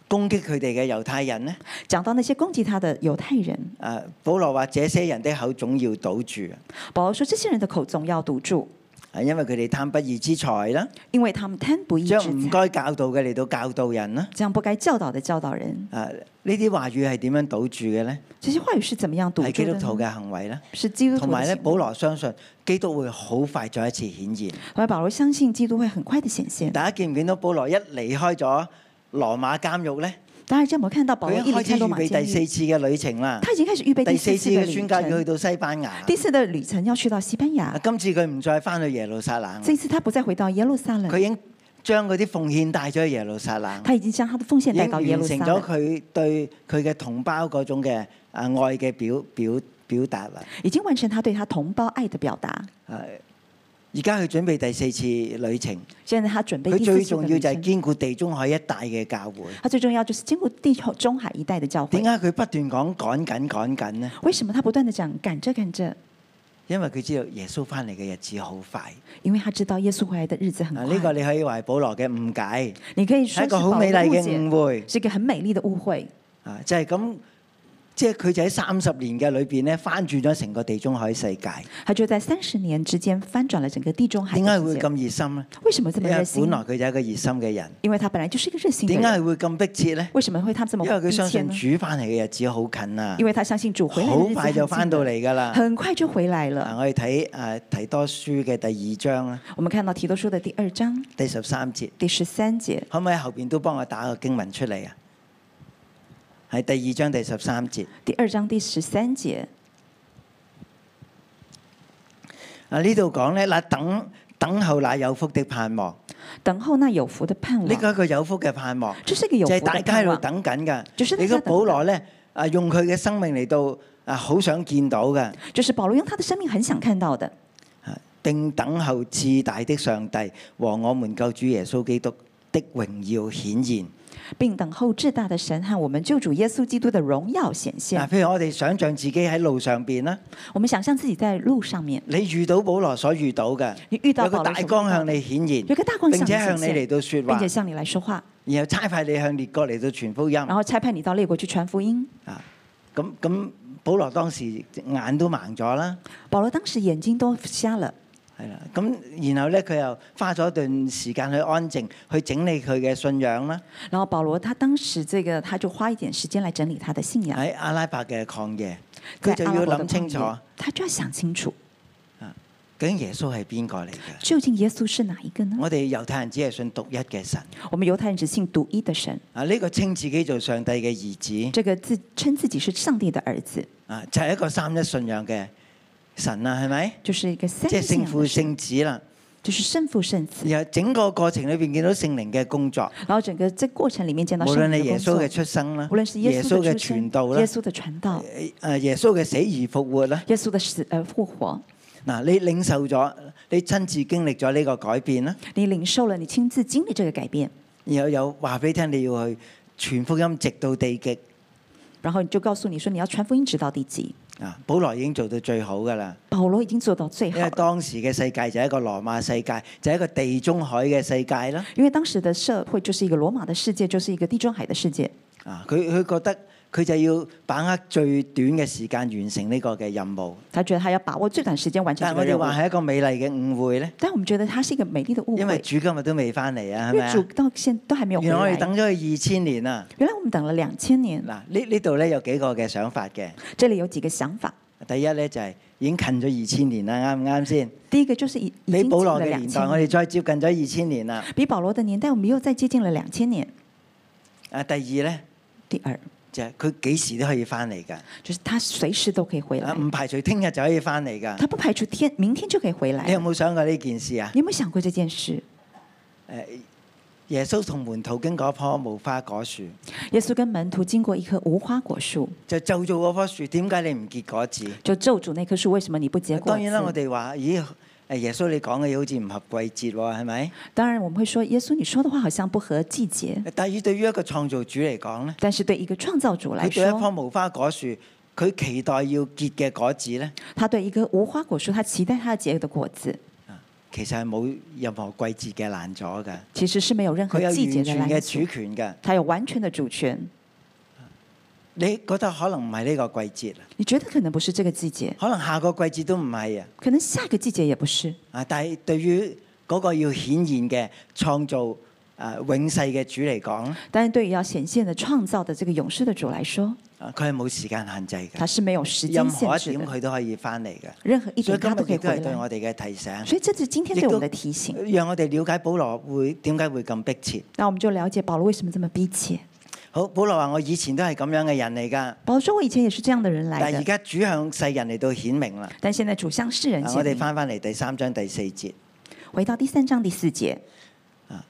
攻擊佢哋嘅猶太人呢？講到那些攻擊他的猶太人。誒、啊，保羅話：，這些人的口總要堵住。保羅說：，這些人的口總要堵住，係因為佢哋貪不義之財啦。因為他們貪不義之財，將唔該教導嘅嚟到教導人啦，將不該教導的教導人。啊，呢啲話語係點樣堵住嘅呢？這些話語是怎麼樣堵住？係基督徒嘅行為咧，是基督徒。同埋咧，保羅相信基督會好快再一次顯現。同埋保羅相信基督會很快的顯現。大家見唔見到保羅一離開咗？羅馬監獄咧，但係真冇看到。佢已經開始預備第四次嘅旅程啦。佢已經開始預備第四次嘅旅程。專家要去到西班牙。第四嘅旅程要去到西班牙。今次佢唔再翻去耶路撒冷。今次他不再回到耶路撒冷。佢已經將嗰啲奉獻帶咗去耶路撒冷。他已經將他的奉獻帶到耶路撒冷。撒冷完成咗佢對佢嘅同胞嗰種嘅啊愛嘅表表表達啦。已經完成他對他同胞愛的表達。啊。而家佢準備第四次旅程。現在他準備。佢最重要就係堅固地中海一帶嘅教會。佢最重要就是堅固地中海一帶嘅教會。點解佢不斷講趕緊趕緊呢？為什麼他不斷地講趕着、趕着」？因為佢知道耶穌翻嚟嘅日子好快。因為他知道耶穌回來的日子很快。呢、啊這個你可以話係保羅嘅誤解。你可以說是一個好美麗嘅誤會，是一個很美麗的誤會。啊，就係、是、咁。即係佢就喺三十年嘅裏邊咧，翻轉咗成個地中海世界。佢就在三十年之間翻轉了整個地中海世界。點解會咁熱心咧？為什麼這麼熱心？因為本來佢就一個熱心嘅人。因為他本來就是一個熱心人。點解會咁迫切咧？為什麼會他這麼迫切？因為佢相信主翻嚟嘅日子好近啊！因為他相信主回好快就翻到嚟噶啦。很快就回來了。來了啊，我哋睇誒提多書嘅第二章啦。我們看到提多書嘅第二章。第十三節。第十三節。可唔可以後邊都幫我打個經文出嚟啊？係第二章第十三節。第二章第十三節。啊，呢度講咧，嗱，等等候那有福的盼望，等候那有福的盼望。呢、這個一個有福嘅盼，盼望，就係、是、大家喺度等緊嘅。你、就、見、是這個、保羅咧，啊，用佢嘅生命嚟到啊好想見到嘅。就是保羅用他的生命很想看到的。啊，定等候至大的上帝和我們救主耶穌基督的榮耀顯現。並等候至大的神和我們救主耶穌基督的榮耀顯現。嗱，譬如我哋想象自己喺路上邊啦，我們想象自己在路上面。你遇到保羅所遇到嘅，你遇到一個大光向你顯現，一個大光向你顯現，並且向你嚟到說話，並且向你來說話，然後差派你向列國嚟到傳福音，然後差派你到列國去傳福音。啊，咁咁，保羅當時眼都盲咗啦，保羅當時眼睛都瞎了。係啦，咁然後咧，佢又花咗一段時間去安靜，去整理佢嘅信仰啦。然後保羅他當時這個，他就花一點時間來整理他的信仰。喺阿拉伯嘅曠野，佢就要諗清楚，他就要想清楚。究竟耶穌係邊個嚟嘅？究竟耶穌是哪一個呢？我哋猶太人只係信獨一嘅神。我們猶太人只信獨一嘅神。啊，呢個稱自己做上帝嘅兒子。這個自稱自己是上帝的兒子。啊，就係一個三一信仰嘅。神啊，係咪？即係聖父聖子啦。就是聖父聖子。然後整個過程裏邊見到聖靈嘅工作。然後整個這過程裏面見到。無論你耶穌嘅出生啦、無論，耶穌嘅傳道啦、啊，耶穌嘅傳道。誒，耶穌嘅死而復活啦。耶穌嘅死誒復活。嗱，你領受咗，你親自經歷咗呢個改變啦。你領受了，你親自經歷這個改變。然後有話俾你聽，你要去傳福音直到地極。然後就告訴你說，你要傳福音直到地極。啊！保羅已經做到最好噶啦，保羅已經做到最好，因為當時嘅世界就係一個羅馬世界，就係一個地中海嘅世界咯。因為當時的社會就是一個羅馬的世界，就是一個地中海的世界。啊！佢佢覺得。佢就要把握最短嘅時間完成呢個嘅任務。佢覺得佢要把握最短時間完成呢個任務。但係我哋話係一個美麗嘅誤會咧。但係我唔覺得佢係一個美麗的誤會。因為主今日都未翻嚟啊，係咪？因為主到現都還未有。原來我哋等咗佢二千年啦。原來我哋等咗兩千年。嗱，呢呢度咧有幾個嘅想法嘅。這裡有幾個想法。第一咧就係已經近咗二千年啦，啱唔啱先？第一個就是已經近咗兩千年。比保羅嘅年代，我哋再接近咗二千年啦。比保羅的年代，我們又再接近了兩千年。啊，第二咧？第二。佢幾時都可以翻嚟噶？就是他隨時都可以回來。唔排除聽日就可以翻嚟噶。他不排除天明天就可以回來，就可以回來。你有冇想過呢件事啊？你有冇想過呢件事？誒，耶穌同門徒經過棵無花果樹。耶穌跟門徒經過一棵無花果樹。就咒住嗰棵樹，點解你唔結果子？就咒住那棵樹，為什麼你不結果，不結果？當然啦，我哋話咦？誒，耶穌你講嘅又好似唔合季節喎，係咪？當然我們會說，耶穌你說的話好像不合季節。但係對於一個創造主嚟講咧，但是對一個創造主嚟講，佢對一棵無花果樹，佢期待要結嘅果子咧，他對一棵無花果樹，他期待他要結嘅果子，啊，其實係冇任何季節嘅難阻嘅，其實是沒有任何季節嘅難阻。佢有完全嘅主權嘅，他有完全的主權。你覺得可能唔係呢個季節？你覺得可能不是這個季節？可能下個季節都唔係啊？可能下個季節也不是。啊！但係對於嗰個要顯現嘅創造誒、呃、永世嘅主嚟講，但是對於要顯現嘅創造的這個永世的主嚟說，啊，佢係冇時間限制嘅，它是沒有時間任何一點佢都可以翻嚟嘅，任何一點佢都可以翻嚟。所以今日亦都係對我哋嘅提醒。所以這就是今天對我哋提醒，讓我哋了解保羅會點解會咁迫切。那我們就了解保羅為什麼這麼迫切。好，保羅話我以前都係咁樣嘅人嚟㗎。保羅說我以前也是這樣嘅人嚟。但係而家主向世人嚟到顯明啦。但現在主向世人，在向世人、啊。我哋翻翻嚟，第三章第四節，回到第三章第四節。啊，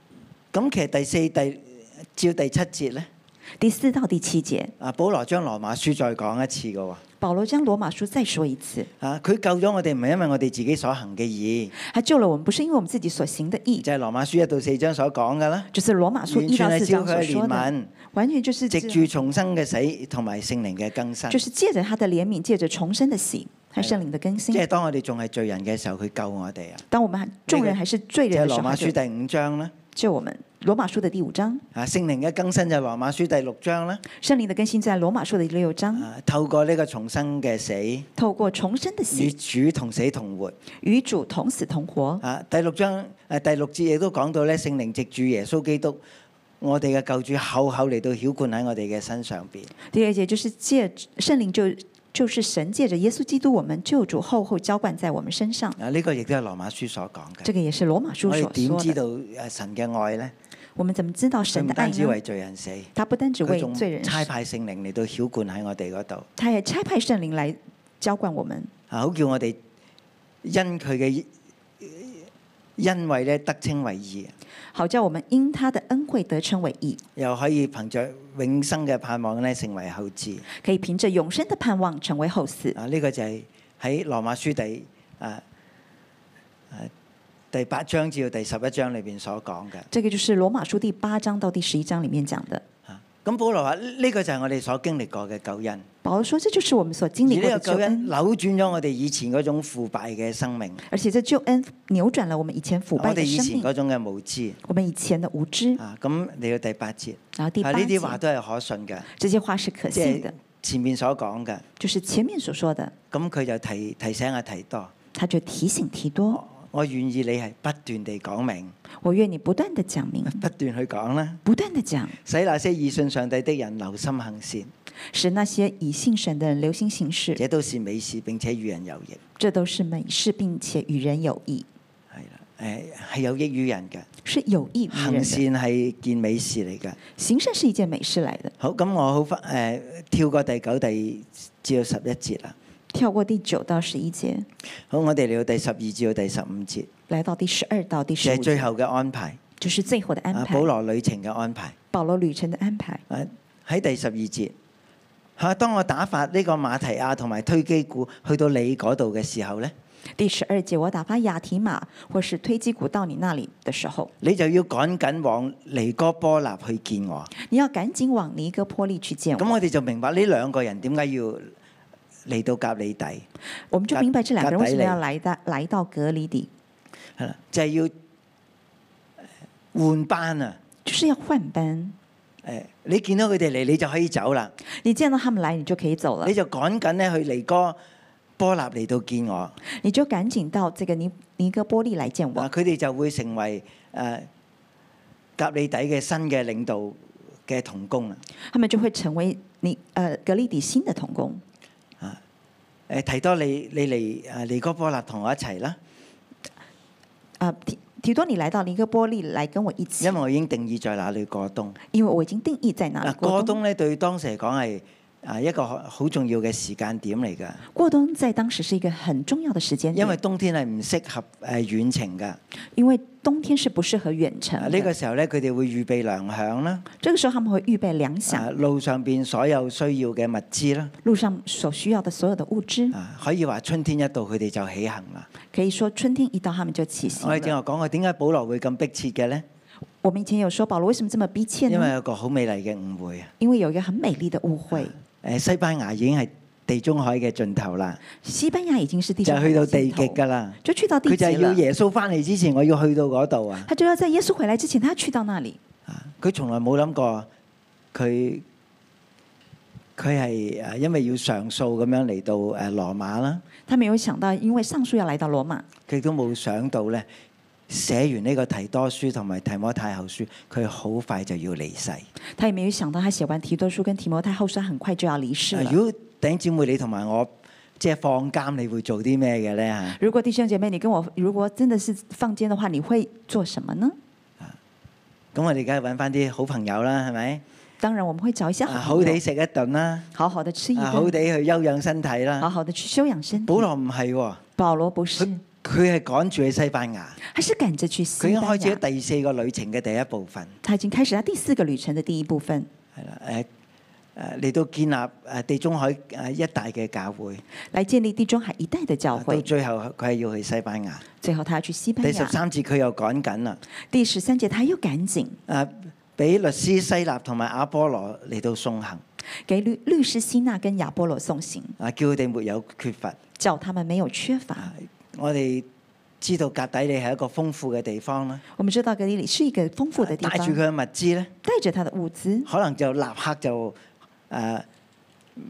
咁其實第四第照第七節咧。第四到第七節，啊，保羅將羅馬書再講一次嘅喎。保羅將羅馬書再說一次。啊，佢救咗我哋唔係因為我哋自己所行嘅義，他救了我們不是因為我們自己所行的義。就係羅馬書一到四章所講嘅啦。就是羅馬書一到四章所說。就是，所說文，完全就是藉住重生嘅死，同埋聖靈嘅更新。就是借着他的憐憫，借着重生的死，和聖靈的更新。即係當我哋仲係罪人嘅時候，佢救我哋啊。當我們眾人還是罪人時候。即，這，係，個這個，羅馬書第五章咧。救我們。羅馬書的第五章啊，聖靈嘅更新就係羅馬書第六章啦。聖靈的更新就係羅馬書嘅第六章。透過呢個重生嘅死，透過重生的死，與主同死同活，與主同死同活。啊，第六章誒、啊、第六節亦都講到咧，聖靈藉住耶穌基督，我哋嘅救主，厚厚嚟到澆灌喺我哋嘅身上邊。第二節就是借聖靈就。就是神借着耶穌基督我們救主厚厚澆灌在我們身上。啊，呢個亦都係羅馬書所講嘅。呢個也是羅馬書所點知道神嘅愛咧？我們怎麼知道神嘅愛？佢唔單止為罪人死，他不單止為罪人死差派聖靈嚟到澆灌喺我哋嗰度。他也差派聖靈嚟澆灌我們，啊，好叫我哋因佢嘅。因為咧得稱為義，好叫我們因他的恩惠得稱為義，又可以憑着永生嘅盼望咧成為後嗣，可以憑着永生的盼望成為後嗣。啊，呢個就係喺羅馬書第啊啊第八章至到第十一章裏邊所講嘅。這個就是羅馬書第八章到第十一章裏面講的。咁保羅話呢、這個就係我哋所經歷過嘅救恩。保羅說這就是我們所經歷嘅救恩。而呢個救恩扭轉咗我哋以前嗰種腐敗嘅生命。而且這救恩扭轉了我們以前腐敗的生命。我哋以前嗰種嘅無知。我們以前的無知。啊，咁嚟到第八節，第八節。啊，呢啲話都係可信嘅。這些話是可信的。前面所講嘅。就是前面所說嘅。咁、就、佢、是、就提提醒阿提多。他就提醒提多。哦我願意你係不斷地講明，我願你不斷地講明，不斷去講啦，不斷地講，使那些以信上帝的人留心行善，使那些以信神的人留心行，行事，這都是美事，並且與人有益。這都是美事，並且與人有益。係啦，誒，係有益於人嘅，是有益於人的。行善係件美事嚟嘅，行善是一件美事嚟嘅。好，咁我好翻，誒、呃，跳過第九、第至到十一節啦。跳過第九到十一節，好，我哋嚟到第十二節到第十五節，嚟到第十二到第十五節。就係、是、最後嘅安排，就是最後嘅安排。保羅旅程嘅安排，保羅旅程嘅安排。喺第十二節，吓，當我打發呢個馬提亞同埋推基古去到你嗰度嘅時候呢，第十二節，我打發亞提馬或是推基古到你那裡的時候，你就要趕緊往尼哥波立去見我。你要趕緊往尼哥波利去見我。咁我哋就明白呢兩個人點解要。嚟到革哩底，我們就明白這兩個人為什麼要來得來到革哩底，係啦，就係、是、要換班啊！就是要換班。誒、哎，你見到佢哋嚟，你就可以走啦。你見到他們來，你就可以走了。你就趕緊咧去尼哥波納嚟到見我。你就趕緊到這個尼尼哥波利來見我。佢哋就會成為誒革哩底嘅新嘅領導嘅同工啦。他們就會成為你誒、呃、革哩底新嘅同工。誒，提多你你嚟，誒尼哥波立同我一齊啦！啊，提提多你嚟，到尼哥波立嚟，跟我一齊。因為我已經定意在那裡過冬。因為我已經定意在那裡過冬咧，對當時嚟講，係。啊，一個好重要嘅時間點嚟噶。過冬在當時是一個很重要的時間點。因為冬天係唔適合誒遠程噶。因為冬天是不適合遠程。呢個時候咧，佢哋會預備糧餉啦。呢個時候他們會預備糧餉、這個啊。路上邊所有需要嘅物資啦。路上所需要嘅所有的物資。可以話春天一到，佢哋就起行啦。可以說春天一到，他們就起行，就起行。我哋正話講過，點解保羅會咁迫切嘅咧？我們以前有說保羅為什麼這麼迫切？因為有個好美麗嘅誤會啊。因為有一個很美麗嘅誤會。誒，西班牙已經係地中海嘅盡頭啦。西班牙已經是地海的，就去到地極噶啦，就去到地極啦。佢就係要耶穌翻嚟之前，我要去到嗰度啊。他就要在耶穌回來之前，他去到那裡。啊，佢從來冇諗過，佢佢係誒，因為要上訴咁樣嚟到誒羅馬啦。他沒有想到，因為上訴要來到羅馬，佢都冇想到咧。寫完呢個提多書同埋提摩太後書，佢好快就要離世。他也沒有想到，他寫完提多書跟提摩太後書，很快就要離世。如果弟兄姐妹你同埋我，即係放監，你會做啲咩嘅咧？吓！如果弟兄姐妹你跟我，如果真的是放監嘅話，話，你會做什麼呢？啊！咁我哋而家揾翻啲好朋友啦，係咪？當然我們會找一些好、啊、好的食一頓啦，好好地吃一頓，好地去休養身體啦，好好地去休養身體。保羅唔係、哦，保羅不是。佢係趕住去西班牙，他是趕著去西？佢已經開始咗第四個旅程嘅第一部分。他已經開始啦，第四個旅程嘅第一部分。係啦，誒誒，嚟到建立誒地中海誒一帶嘅教會，嚟建立地中海一帶嘅教會。到最後佢係要去西班牙，最後他要去西班牙。第十三節佢又趕緊啦。第十三節他又趕緊。誒，俾律師西納同埋阿波羅嚟到送行，給律律師西納跟亞波羅送行。啊，叫佢哋沒有缺乏，叫他們沒有缺乏。我哋知道革哩底係一個豐富嘅地方啦。我們知道革哩底是一個豐富嘅地方。帶住佢嘅物資咧。帶住他嘅物資，可能就立刻就誒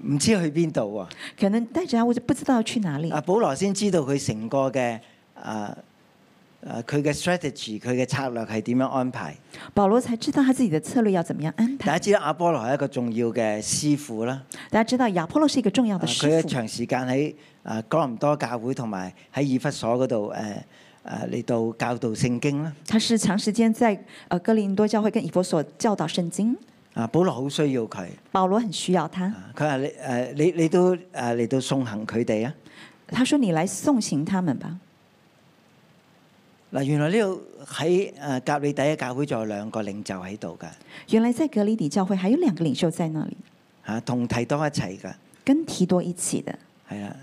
唔知去邊度啊？可能帶住啲我就不知道要去哪裏。阿保羅先知道佢成個嘅誒誒佢嘅 strategy，佢嘅策略係點樣安排？保羅才知道他自己嘅策略要點樣安排。大家知道亞波羅係一個重要嘅師傅啦。大家知道亞波羅是一個重要嘅師傅。佢嘅長時間喺。啊，哥林多教會同埋喺以弗所嗰度，誒誒嚟到教導聖經啦。他是長時間在啊哥、呃、格林多教會跟以弗所教導聖經。啊，保羅好需要佢。保羅很需要他。佢話你誒，你你都誒嚟到送行佢哋啊？他說：你來送行他們吧。嗱、啊，原來呢度喺誒格里底嘅教會仲有兩個領袖喺度噶。原來在格里底教會還有兩個領袖在那裡。吓、啊，同提多一齊噶。跟提多一起的。係啊。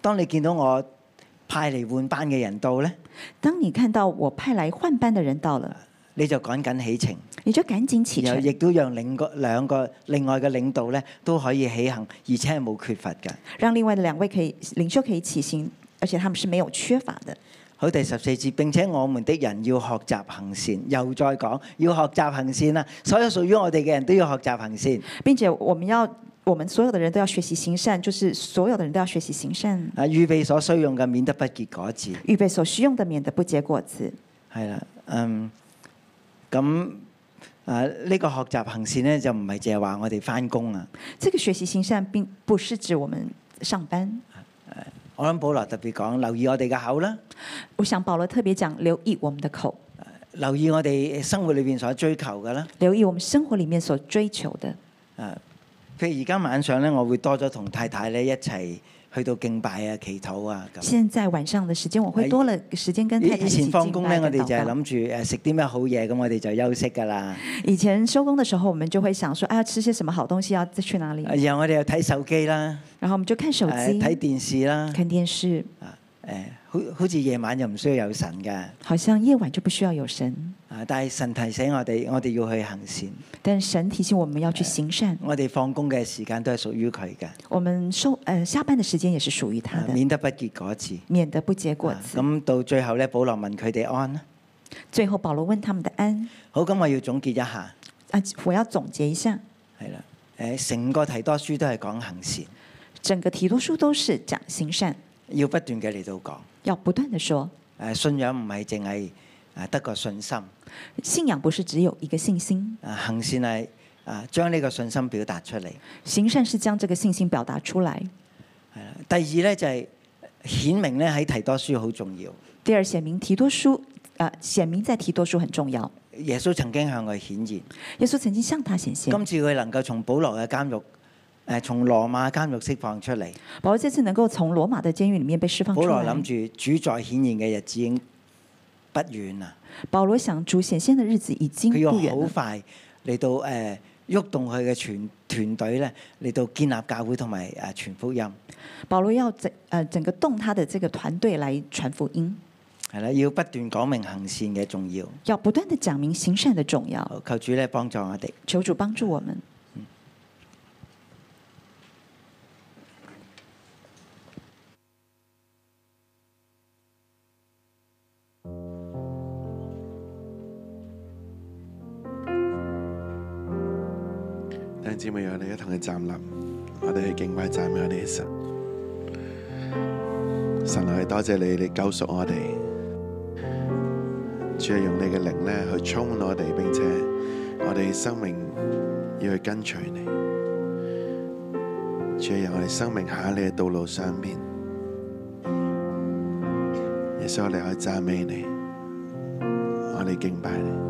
當你見到我派嚟換班嘅人到呢，當你看到我派嚟換班嘅人到了，你就趕緊起程。你就趕緊起程，亦都讓兩個，兩個另外嘅領導咧都可以起行，而且係冇缺乏嘅。讓另外兩位可以，領袖可以起行，而且他們是沒有缺乏的。好，第十四節，並且我們的人要學習行善。又再講要學習行善啦，所有屬於我哋嘅人都要學習行善。並且我們要。我們所有的人都要學習行善，就是所有的人都要學習行善。啊，預備所需用嘅，免得不結果子，預備所需用的，免得不結果子。係啦，嗯，咁啊，呢個學習行善咧，就唔係淨係話我哋返工啊。這個學習行善，這個、行善並不是指我們上班。我諗保羅特別講，留意我哋嘅口啦。我想保羅特別講，留意我們的口。留意我哋生活裏面所追求嘅啦。留意我們生活裏面所追求的。啊。佢而家晚上咧，我會多咗同太太咧一齊去到敬拜啊、祈禱啊。現在晚上的時間，我會多了時間跟太太。以前放工咧，我哋就係諗住誒食啲咩好嘢，咁我哋就休息噶啦。以前收工嘅時候，我們就會想說：哎、啊、呀，吃些什麼好東西？要再去哪裡？」然後我哋又睇手機啦。然後我們就看手機。睇電視啦。看電視。誒、哎，好好似夜晚又唔需要有神嘅。好像夜晚就不需要有神。啊！但係神提醒我哋，我哋要去行善。但神提醒我們要去行善。我哋放工嘅時間都係屬於佢嘅。我們收誒，下班嘅時間也是屬於他嘅，啊。免得不結果子。免得不結果子。咁到最後咧，保羅問佢哋安啦。最後保羅問他們的安。好，咁我要總結一下。啊，我要總結一下。係啦，誒，成個提多書都係講行善。整個提多書都是講行善。要不斷嘅嚟，到講。要不斷地說。誒、啊，信仰唔係淨係誒得個信心。信仰不是只有一個信心，行善係啊將呢個信心表達出嚟。行善是將這個信心表達出嚟。係啦，第二咧就係顯明咧喺提多書好重要。第二顯明提多書啊，顯明在提多書很重要。耶穌曾經向佢顯現，耶穌曾經向他顯現。今次佢能夠從保羅嘅監獄誒，從羅馬監獄釋放出嚟。保羅這次能夠從羅馬嘅監獄裏面被釋放出來。保羅諗住主再顯現嘅日子已經不遠啦。保羅想主顯現的日子已經不遠。好快嚟到誒，喐動佢嘅全團隊咧，嚟到建立教會同埋誒傳福音。保羅要整誒整個動他的這個團隊嚟傳福音。係啦，要不斷講明行善嘅重要，要不斷的講明行善嘅重要。求主咧幫助我哋，求主幫助我們。姊妹友，我哋一同去站立，我哋去敬拜讚美我哋神。神啊，多謝你，你救贖我哋，主係用你嘅靈咧去充滿我哋並且，我哋生命要去跟隨你，主係讓我哋生命行喺你嘅道路上面。耶穌，我哋可以讚美你，我哋敬拜你。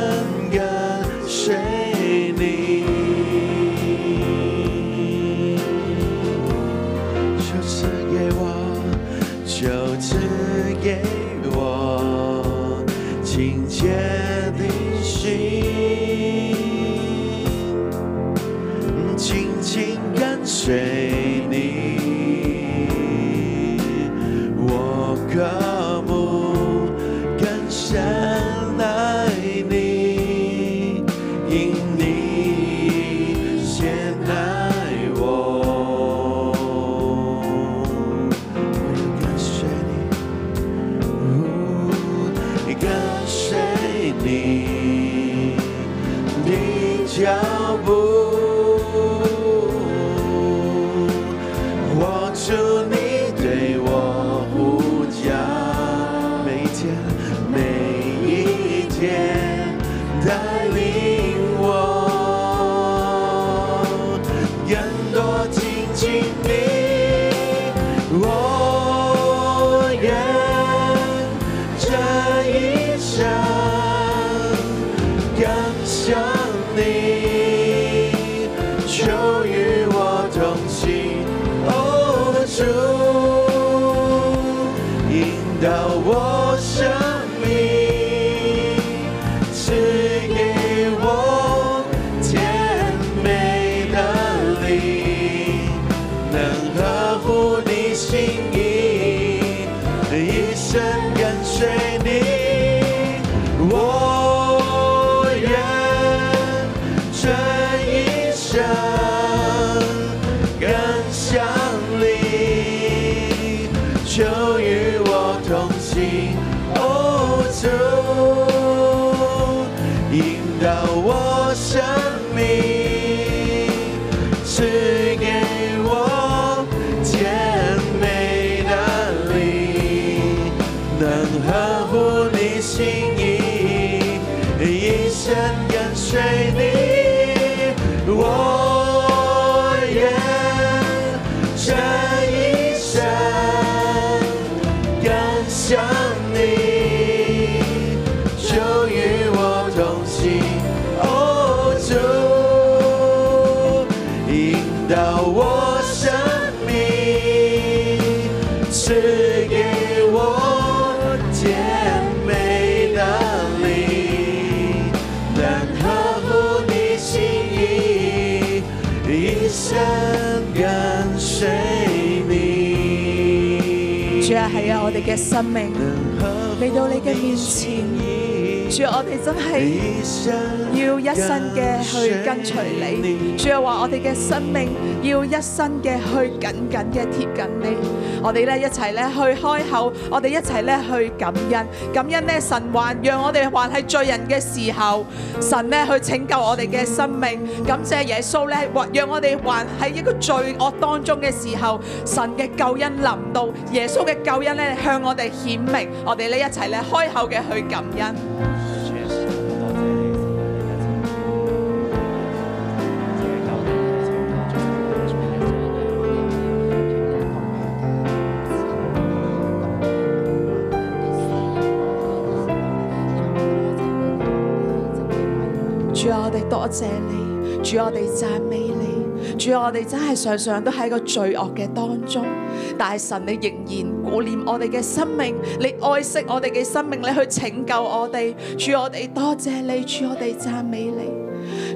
能呵護你心意，一生跟隨你。嘅生命嚟到你嘅面前，主要我哋真係要一生嘅去跟隨你，主要話我哋嘅生命要一生嘅去緊緊嘅貼緊你，我哋咧一齊咧去開口。我哋一齊咧去感恩，感恩咧神還讓我哋還係罪人嘅時候，神咧去拯救我哋嘅生命，感謝耶穌咧還讓我哋還喺一個罪惡當中嘅時候，神嘅救恩臨到，耶穌嘅救恩咧向我哋顯明，我哋呢一齊咧開口嘅去感恩。多謝你，主我哋讚美你，主我哋真係常常都喺個罪惡嘅當中，大神你仍然顧念我哋嘅生命，你愛惜我哋嘅生命，你去拯救我哋，主我哋多謝你，主我哋讚美你。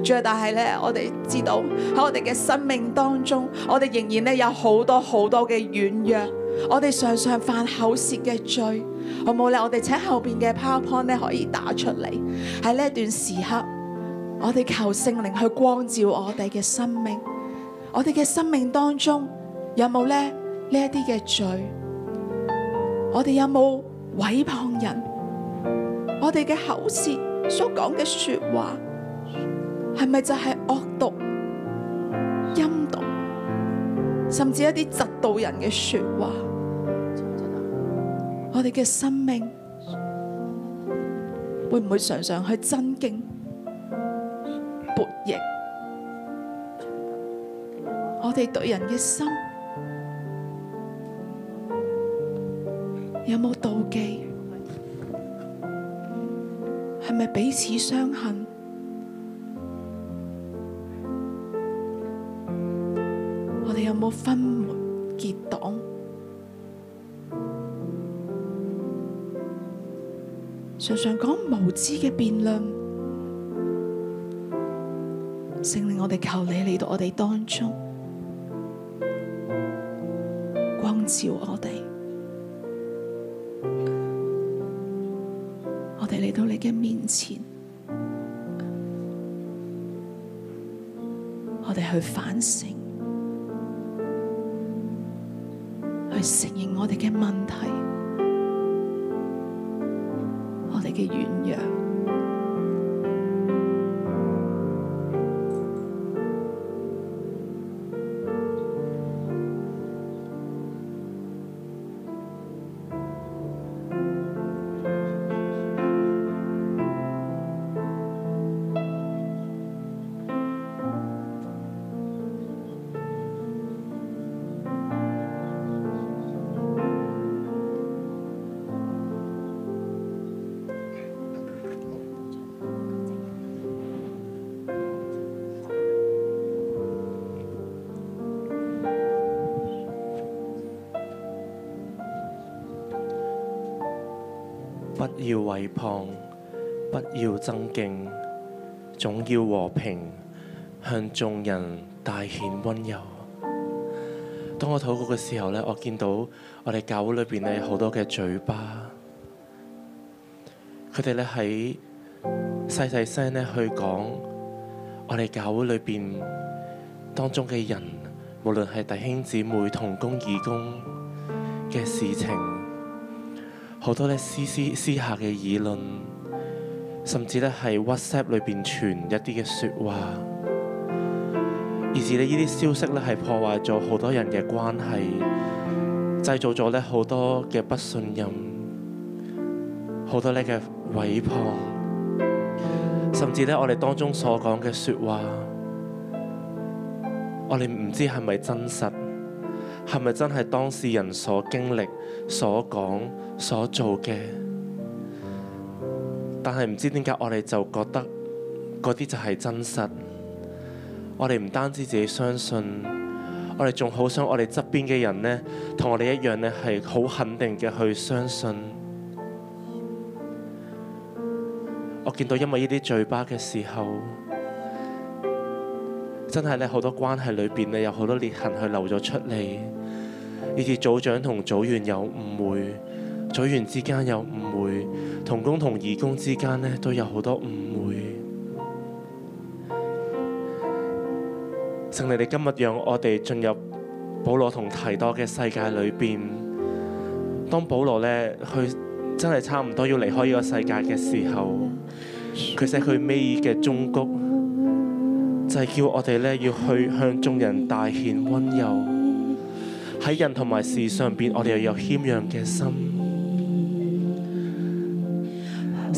主啊，但係咧，我哋知道喺我哋嘅生命當中，我哋仍然咧有好多好多嘅軟弱，我哋常常犯口舌嘅罪。好冇咧，我哋請後邊嘅 powerpoint 咧可以打出嚟，喺呢一段時刻。我哋求聖靈去光照我哋嘅生命，我哋嘅生命當中有冇咧呢一啲嘅罪？我哋有冇毀謗人？我哋嘅口舌所講嘅說話係咪就係惡毒、陰毒，甚至一啲窒到人嘅說話？我哋嘅生命會唔會常常去爭競？悖逆，我哋對人嘅心有冇妒忌？係咪彼此相恨？我哋有冇分門結黨？常常講無知嘅辯論。聖靈，我哋求你嚟到我哋當中，光照我哋，我哋嚟到你嘅面前，我哋去反省，去承認我哋嘅問題，我哋嘅軟弱。敬總要和平，向眾人大顯温柔。當我禱告嘅時候咧，我見到我哋教會裏邊咧好多嘅嘴巴，佢哋咧喺細細聲咧去講我哋教會裏邊當中嘅人，無論係弟兄姊妹、同工、義工嘅事情，好多咧私私私下嘅議論。甚至咧係 WhatsApp 裏邊傳一啲嘅説話，而使呢啲消息咧係破壞咗好多人嘅關係，製造咗咧好多嘅不信任，好多咧嘅毀謗，甚至咧我哋當中所講嘅説話，我哋唔知係咪真實，係咪真係當事人所經歷、所講、所做嘅？但係唔知點解我哋就覺得嗰啲就係真實。我哋唔單止自己相信，我哋仲好想我哋側邊嘅人呢，同我哋一樣呢，係好肯定嘅去相信。我見到因為呢啲嘴巴嘅時候，真係呢好多關係裏邊呢有好多裂痕去流咗出嚟，以至組長同組員有誤會。組員之間有誤會，同工同義工之間咧都有好多誤會。聖靈，你今日讓我哋進入保羅同提多嘅世界裏邊。當保羅咧去真係差唔多要離開呢個世界嘅時候，佢寫佢尾嘅忠告，就係叫我哋咧要去向眾人大顯温柔。喺人同埋事上邊，我哋又有謙讓嘅心。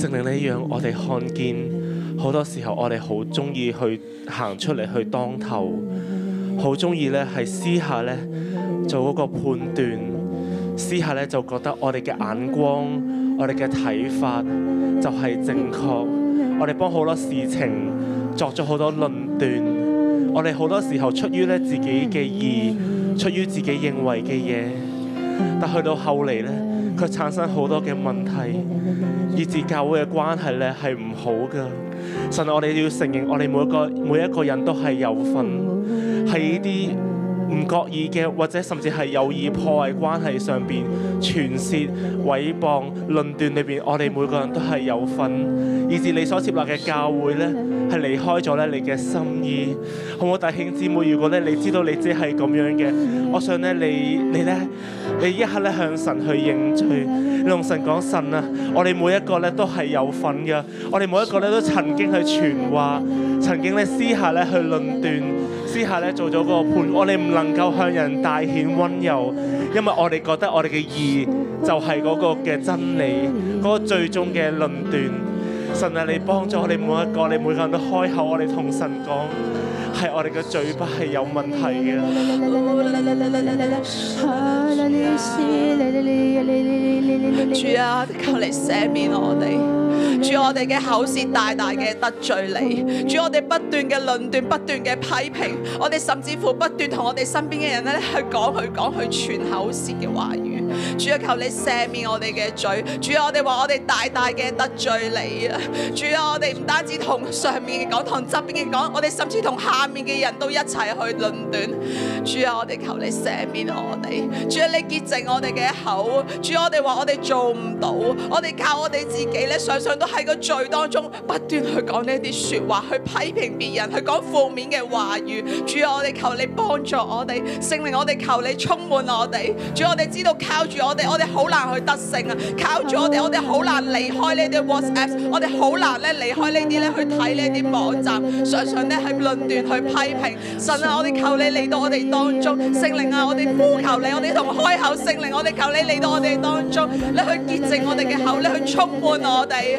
聖靈一樣讓我哋看見，好多時候我哋好中意去行出嚟去當頭，好中意咧係私下咧做嗰個判斷，私下咧就覺得我哋嘅眼光、我哋嘅睇法就係正確，我哋幫好多事情作咗好多論斷，我哋好多時候出於咧自己嘅意，出於自己認為嘅嘢，但去到後嚟咧。佢產生好多嘅問題，以至教會嘅關係呢係唔好嘅。神，我哋要承認我們，我哋每個每一個人都係有份，係呢啲。唔覺意嘅，或者甚至係有意破壞關係上邊，傳舌、毀謗、論斷裏邊，我哋每個人都係有份。以至你所設立嘅教會呢，係離開咗咧你嘅心意，好冇？弟兄姊妹，如果呢，你知道你自己係咁樣嘅，我想呢，你你咧，你一刻咧向神去認罪，你同神講，神啊！我哋每一個呢，都係有份嘅，我哋每一個呢，都曾經去傳話。曾經咧私下咧去論斷，私下咧做咗個判。我哋唔能夠向人大顯溫柔，因為我哋覺得我哋嘅義就係嗰個嘅真理，嗰個最終嘅論斷。神啊，你幫助我哋每一個，你每個人都開口，我哋同神講，係我哋嘅嘴巴係有問題嘅。 主啊，求你赦免我哋。主，我哋嘅口舌大大嘅得罪你，主，我哋不斷嘅論斷、不斷嘅批評，我哋甚至乎不斷同我哋身邊嘅人咧去講去講去傳口舌嘅話語。主啊，求你赦免我哋嘅嘴。主啊，我哋話我哋大大嘅得罪你啊。主啊，我哋唔單止同上面嘅講，同側邊嘅講，我哋甚至同下面嘅人都一齊去論斷。主啊，我哋求你赦免我哋。主啊，你潔淨我哋嘅口。主，我哋話我哋做唔到，我哋靠我哋自己咧上上。想想都喺個罪當中不斷去講呢啲說話，去批評別人，去講負面嘅話語。主啊，我哋求你幫助我哋，聖靈，我哋求你充滿我哋。主啊，我哋知道靠住我哋，我哋好難去得勝啊！靠住我哋，我哋好難離開呢啲 WhatsApp，我哋好難咧離開這些呢啲咧去睇呢啲網站，常常咧係論斷去批評。神啊，我哋求你嚟到我哋當中，聖靈啊，我哋呼求你，我哋同開口，聖靈，我哋求你嚟到我哋當中，你去潔淨我哋嘅口，你去充滿我哋。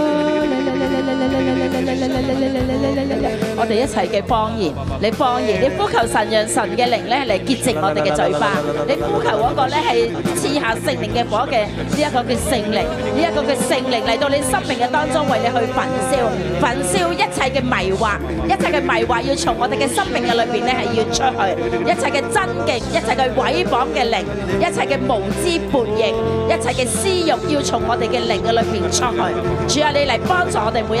嚟嚟嚟嚟嚟嚟嚟嚟嚟嚟嚟嚟嚟嚟！我哋一齊嘅方言，你方言，你呼求神讓神嘅靈咧嚟潔淨我哋嘅嘴巴，你呼求嗰個咧係賜下聖靈嘅火嘅，呢一個叫聖靈，呢一個叫聖靈嚟到你生命嘅當中，為你去焚燒焚燒一切嘅迷惑，一切嘅迷惑要從我哋嘅生命嘅裏邊咧係要出去，一切嘅爭競，一切嘅毀謗嘅靈，一切嘅無知叛逆，一切嘅私欲要從我哋嘅靈嘅裏邊出去。主啊，你嚟幫助我哋每。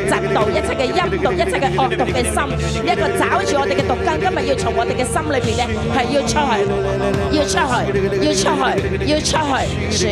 嫉妒、一切嘅陰毒、一切嘅惡毒嘅心，一個抓住我哋嘅毒根，今日要從我哋嘅心裏邊咧，係要，要出去，要出去，要出去，要出去。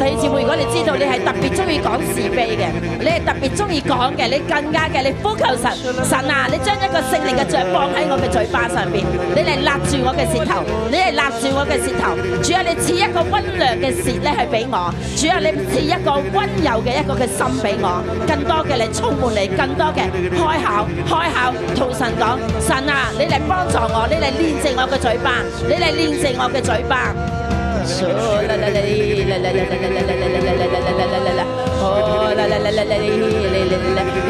第二姊妹，如果你知道你係特別中意講是非嘅，你係特別中意講嘅，你更加嘅，你呼求神，神啊，你將一個聖靈嘅嘴放喺我嘅嘴巴上邊，你嚟勒住我嘅舌頭。你嚟勒住我嘅舌頭，主要你賜一個溫暖嘅舌呢，去俾我；主要你賜一個溫柔嘅一個嘅心俾我，更多嘅嚟充滿你，更多嘅開口，開口同神講：神啊，你嚟幫助我，你嚟練成我嘅嘴巴，你嚟練成我嘅嘴巴。如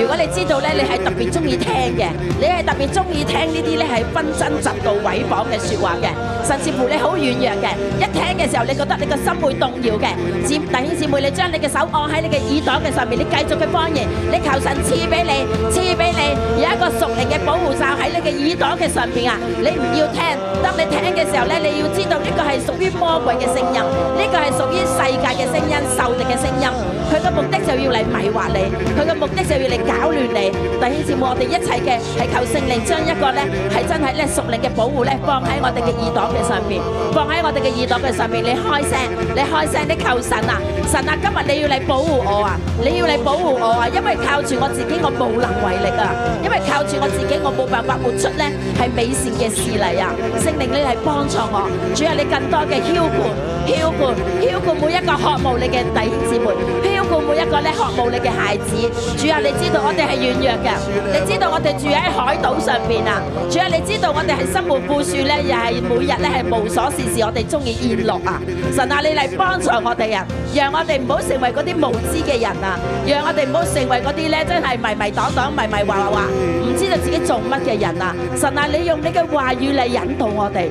果你知道呢，你係特別鍾意聽嘅，你係特別鍾意聽呢啲係分爭嫉妒毀謗嘅說話嘅。甚至乎你好軟弱嘅，一聽嘅時候，你覺得你個心會動搖嘅。姊弟兄姊妹，你將你嘅手按喺你嘅耳朵嘅上面，你繼續嘅方言，你求神賜俾你，賜俾你，有一個屬靈嘅保護罩喺你嘅耳朵嘅上邊啊！你唔要聽，當你聽嘅時候咧，你要知道呢個係屬於魔鬼嘅聲音，呢個係屬於世界嘅聲音，受敵嘅聲音，佢嘅目的。就要嚟迷惑你，佢嘅目的就要嚟搞亂你。弟兄姊妹，我哋一齊嘅係求聖靈將一個咧係真係咧屬靈嘅保護咧放喺我哋嘅耳朵嘅上面，放喺我哋嘅耳朵嘅上面。你開聲，你開聲，你求神啊！神啊！今日你要嚟保護我啊！你要嚟保護我啊！因為靠住我自己我無能為力啊！因為靠住我自己我冇辦法活出咧係美善嘅事嚟啊！聖靈你係幫助我，主啊！你更多嘅澆灌、澆灌、澆灌每一個渴慕你嘅弟兄姊妹。每一個咧，渴望你嘅孩子，主啊，你知道我哋係軟弱嘅，你知道我哋住喺海島上邊啊，主啊，你知道我哋係生活富庶咧，又係每日咧係無所事事，我哋中意宴樂啊，神啊，你嚟幫助我哋啊，讓我哋唔好成為嗰啲無知嘅人啊，讓我哋唔好成為嗰啲咧真係迷迷蕩蕩、迷迷話話話，唔知道自己做乜嘅人啊，神啊，你用你嘅話語嚟引導我哋，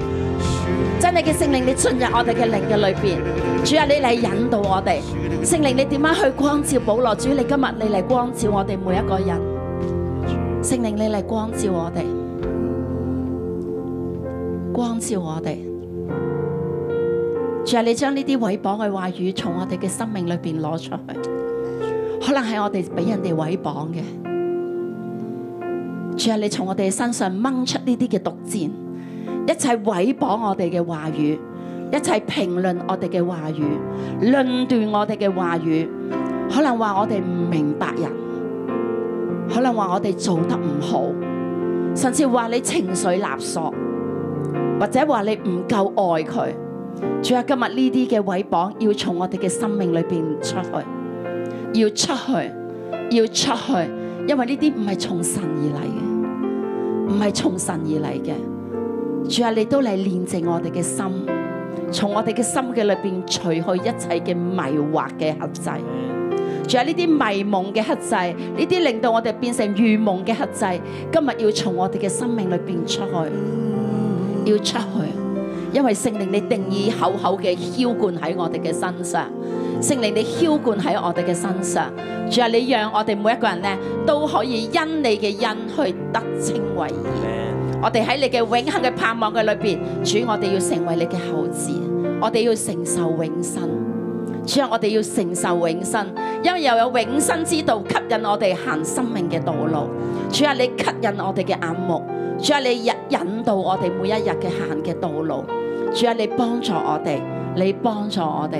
真嘅嘅聖靈，你進入我哋嘅靈嘅裏邊。主啊，你嚟引導我哋，聖靈你點樣去光照保羅？主，你今日你嚟光照我哋每一個人，聖靈你嚟光照我哋，光照我哋。主啊，你將呢啲毀謗嘅話語從我哋嘅生命裏邊攞出去，可能係我哋俾人哋毀謗嘅。主啊，你從我哋身上掹出呢啲嘅毒箭，一切毀謗我哋嘅話語。一齊評論我哋嘅話語，論斷我哋嘅話語，可能話我哋唔明白人，可能話我哋做得唔好，甚至話你情緒勒索，或者話你唔夠愛佢。仲有今日呢啲嘅毀謗要從我哋嘅生命裏邊出去，要出去，要出去，因為呢啲唔係從神而嚟嘅，唔係從神而嚟嘅。主啊，你都嚟煉淨我哋嘅心。從我哋嘅心嘅裏邊除去一切嘅迷惑嘅克制，仲有呢啲迷蒙嘅克制，呢啲令到我哋變成愚蒙嘅克制。今日要從我哋嘅生命裏邊出去，要出去，因為聖靈你定義厚厚嘅澆灌喺我哋嘅身上，聖靈你澆灌喺我哋嘅身上，仲有你讓我哋每一個人呢，都可以因你嘅恩去得稱為義。我哋喺你嘅永恒嘅盼望嘅裏邊，主，我哋要成為你嘅後嗣，我哋要承受永生。主啊，我哋要承受永生，因為又有永生之道吸引我哋行生命嘅道路。主啊，你吸引我哋嘅眼目，主啊，你引引導我哋每一日嘅行嘅道路。主啊，你幫助我哋，你幫助我哋。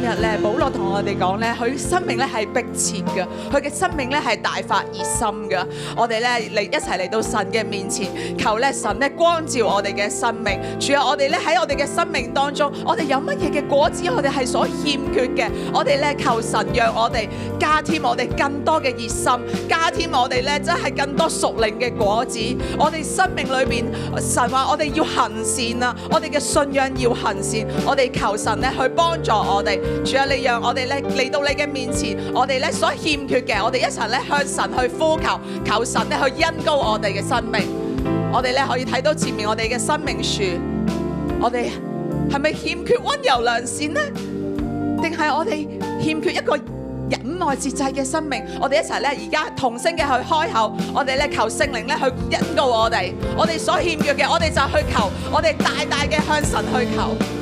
今日咧，保羅同我哋講咧，佢生命咧係迫切噶，佢嘅生命咧係大發熱心噶。我哋咧嚟一齊嚟到神嘅面前，求咧神咧光照我哋嘅生命，主啊，我哋咧喺我哋嘅生命當中，我哋有乜嘢嘅果子我們是，我哋係所欠缺嘅，我哋咧求神讓我哋加添我哋更多嘅熱心，加添我哋咧真係更多屬靈嘅果子。我哋生命裏邊，神話我哋要行善啊，我哋嘅信仰要行善，我哋求神咧去幫助我哋。仲有你讓我哋咧嚟到你嘅面前，我哋咧所欠缺嘅，我哋一齊咧向神去呼求，求神咧去恩膏我哋嘅生命。我哋咧可以睇到前面我哋嘅生命樹，我哋係咪欠缺溫柔良善呢？定係我哋欠缺一個忍耐節制嘅生命？我哋一齊咧而家同聲嘅去開口，我哋咧求聖靈咧去恩膏我哋。我哋所欠缺嘅，我哋就去求，我哋大大嘅向神去求。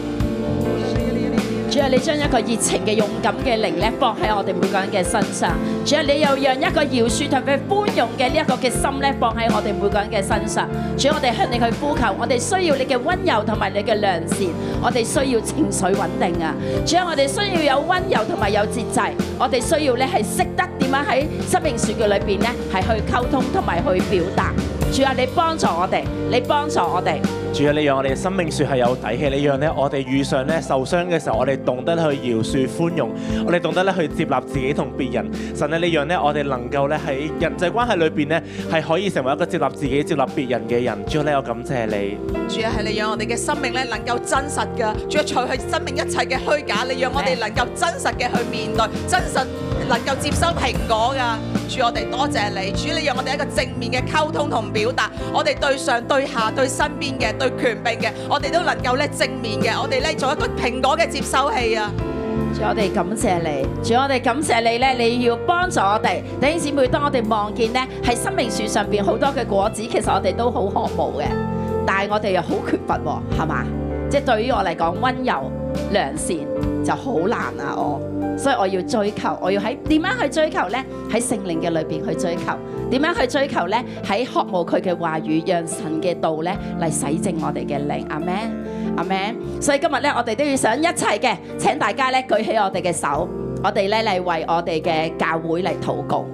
主啊，你將一個熱情嘅、勇敢嘅靈咧放喺我哋每個人嘅身上；主啊，你又讓一個饒恕同埋寬容嘅呢一個嘅心咧放喺我哋每個人嘅身上。主，我哋向你去呼求，我哋需要你嘅溫柔同埋你嘅良善，我哋需要情緒穩定啊！主啊，我哋需要有溫柔同埋有節制，我哋需要咧係識得點樣喺生命說教裏邊咧係去溝通同埋去表達。主啊，你幫助我哋，你幫助我哋。主啊，你讓我哋嘅生命樹係有底氣，你讓咧我哋遇上咧受傷嘅時候，我哋懂得去饒恕寬容，我哋懂得咧去接納自己同別人。神咧，你讓咧我哋能夠咧喺人際關係裏邊咧係可以成為一個接納自己、接納別人嘅人。主啊，我感謝你。主啊，係你讓我哋嘅生命咧能夠真實嘅，主啊，除去生命一切嘅虛假，你讓我哋能夠真實嘅去面對，真實能夠接收蘋果噶。主，我哋多謝你。主，你讓我哋一個正面嘅溝通同表達，我哋對上對下對身邊嘅權柄嘅，我哋都能夠咧正面嘅，我哋咧做一個蘋果嘅接收器啊！仲有我哋感謝你，仲有我哋感謝你咧，你要幫助我哋弟兄姊妹。當我哋望見咧，係生命樹上邊好多嘅果子，其實我哋都好渴慕嘅，但係我哋又好缺乏，係嘛？即係對於我嚟講，温柔。良善就好難啊！我，所以我要追求，我要喺點樣去追求咧？喺聖靈嘅裏邊去追求，點樣去追求咧？喺渴慕佢嘅話語，讓神嘅道咧嚟洗淨我哋嘅靈，阿門，阿門，所以今日咧，我哋都要想一齊嘅，請大家咧舉起我哋嘅手，我哋咧嚟為我哋嘅教會嚟禱告。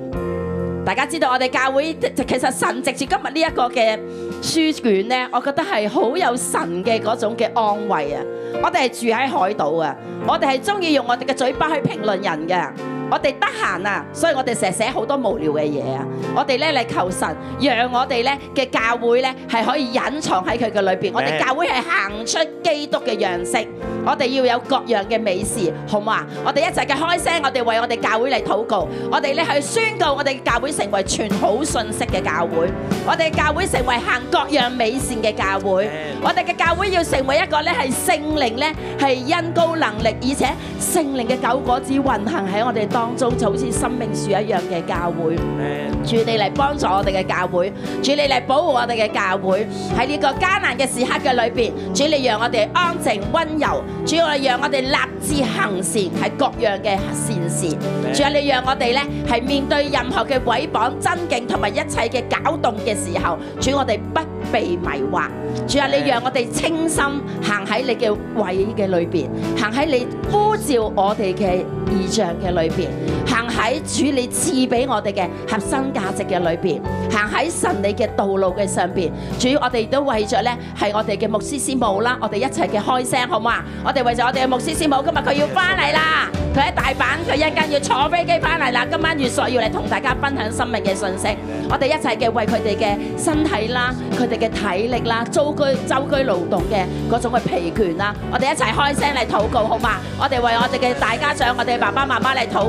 大家知道我哋教會，其實神藉住今日呢一個嘅書卷呢，我覺得係好有神嘅嗰種嘅安慰啊！我哋係住喺海島啊，我哋係鍾意用我哋嘅嘴巴去評論人嘅。我哋得閒啊，所以我哋成日寫好多無聊嘅嘢啊。我哋咧嚟求神，讓我哋咧嘅教會咧係可以隱藏喺佢嘅裏邊。我哋教會係行出基督嘅樣式。我哋要有各樣嘅美事，好唔好啊？我哋一齊嘅開聲，我哋為我哋教會嚟禱告。我哋咧去宣告我哋教會成為傳好信息嘅教會。我哋教會成為行各樣美善嘅教會。我哋嘅教會要成為一個咧係聖靈咧係恩膏能力，而且聖靈嘅九果子運行喺我哋當中。當中就好似生命樹一樣嘅教會，主你嚟幫助我哋嘅教會，主你嚟保護我哋嘅教會，喺呢個艱難嘅時刻嘅裏邊，主你讓我哋安靜溫柔，主我哋讓我哋立志行善，係各樣嘅善事，主你讓我哋咧係面對任何嘅毀謗、爭競同埋一切嘅攪動嘅時候，主我哋不被迷惑，主啊你讓我哋清心行喺你嘅位嘅裏邊，行喺你呼召我哋嘅異象嘅裏邊。行喺主理、賜俾我哋嘅核心價值嘅裏邊，行喺神你嘅道路嘅上邊，主要我哋都為著咧係我哋嘅牧師師母啦，我哋一齊嘅開聲好唔好？我哋為咗我哋嘅牧師師母，今日佢要翻嚟啦，佢喺大阪，佢一陣要坐飛機翻嚟啦，今晚月朔要嚟同大家分享生命嘅信息，我哋一齊嘅為佢哋嘅身體啦，佢哋嘅體力啦，租居周居勞動嘅嗰種嘅疲倦啦，我哋一齊開聲嚟禱告好嘛？我哋為我哋嘅大家長，我哋爸爸媽媽嚟禱。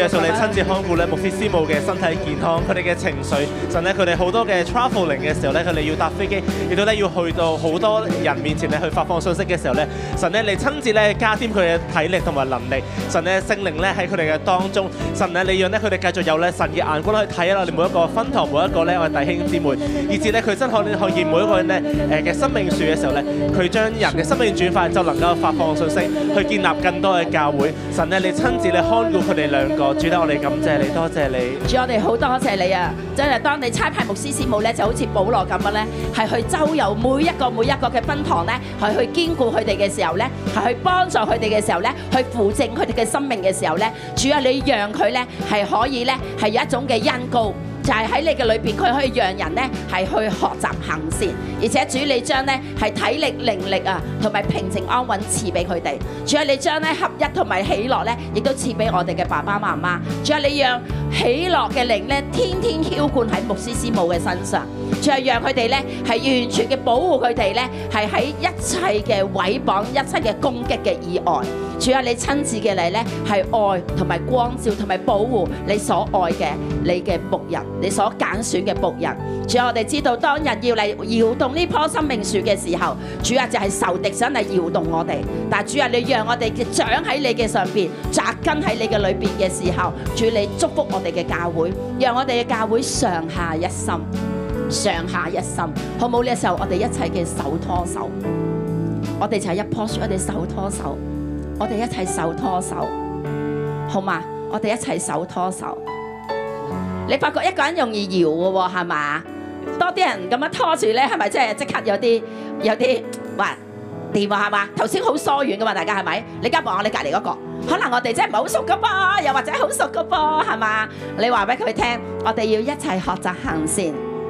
神，你親自看顧咧牧師師母嘅身體健康，佢哋嘅情緒，神呢，佢哋好多嘅 traveling 嘅時候咧，佢哋要搭飛機，亦都咧要去到好多人面前咧去發放信息嘅時候咧，神呢，你親自咧加添佢嘅體力同埋能力，神呢，聖靈咧喺佢哋嘅當中，神呢，利用呢佢哋繼續有咧神嘅眼光去睇我哋每一個分堂每一個咧我哋弟兄姊妹，以至咧佢真可可以睇見每一個人咧誒嘅生命樹嘅時候咧，佢將人嘅生命轉化，就能夠發放信息去建立更多嘅教會。神呢，你親自嚟看顧佢哋兩個。主得我哋感謝你，多謝，謝你。主，我哋好多謝你啊！真係，當你差派牧師、師母咧，就好似保羅咁樣咧，係去周遊每一個、每一個嘅分堂咧，係去堅固佢哋嘅時候咧，係去幫助佢哋嘅時候咧，去扶正佢哋嘅生命嘅時候咧，主啊，你讓佢咧係可以咧係有一種嘅恩膏。就係、是、喺你嘅裏邊，佢可以讓人呢係去學習行善，而且主你將呢係體力、靈力啊，同埋平靜、安穩，賜俾佢哋。主啊，你將呢合一同埋喜樂呢，亦都賜俾我哋嘅爸爸媽媽。仲有，你讓喜樂嘅靈呢，天天澆灌喺牧師師母嘅身上。仲啊，讓佢哋呢係完全嘅保護佢哋呢係喺一切嘅毀謗、一切嘅攻擊嘅意外。主啊，你親自嘅嚟咧，係愛同埋光照同埋保護你所愛嘅你嘅僕人，你所揀選嘅僕人。主啊，我哋知道當日要嚟搖動呢棵生命樹嘅時候，主啊就係、是、仇敵想嚟搖動我哋。但係主啊，你讓我哋嘅長喺你嘅上邊，扎根喺你嘅裏邊嘅時候，主、啊、你祝福我哋嘅教會，讓我哋嘅教會上下一心，上下一心，好唔好呢？這個、時候我哋一切嘅手拖手，我哋就係一棵樹，我哋手拖手。我哋一齊手拖手，好嘛？我哋一齊手拖手。你發覺一個人容易搖嘅喎，哦，係嘛？多啲人咁樣拖住咧，係咪即係即刻有啲有啲喂，掂啊？係嘛？頭先好疏遠嘅嘛，大家係咪？你而家望下你隔籬嗰個，可能我哋真係唔係好熟嘅噃，又或者好熟嘅噃，係嘛？你話俾佢聽，我哋要一齊學習行善。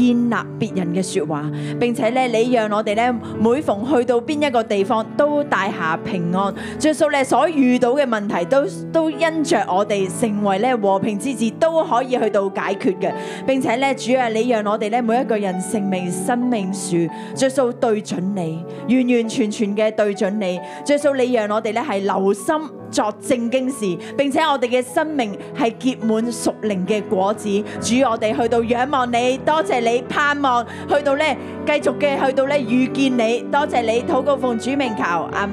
建立別人嘅說話，並且咧，你讓我哋咧每逢去到邊一個地方都帶下平安，最數你所遇到嘅問題都都因着我哋成為和平之子都可以去到解決嘅，並且咧，主要你讓我哋每一個人成為生命樹，最數對準你，完完全全嘅對準你，最數你讓我哋咧係留心。作正經事，並且我哋嘅生命係結滿屬靈嘅果子。主，我哋去到仰望你，多謝你盼望，去到咧繼續嘅去到咧遇見你，多謝你禱告，奉主名求，阿門。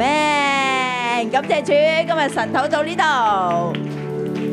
感謝主，今日晨禱到呢度。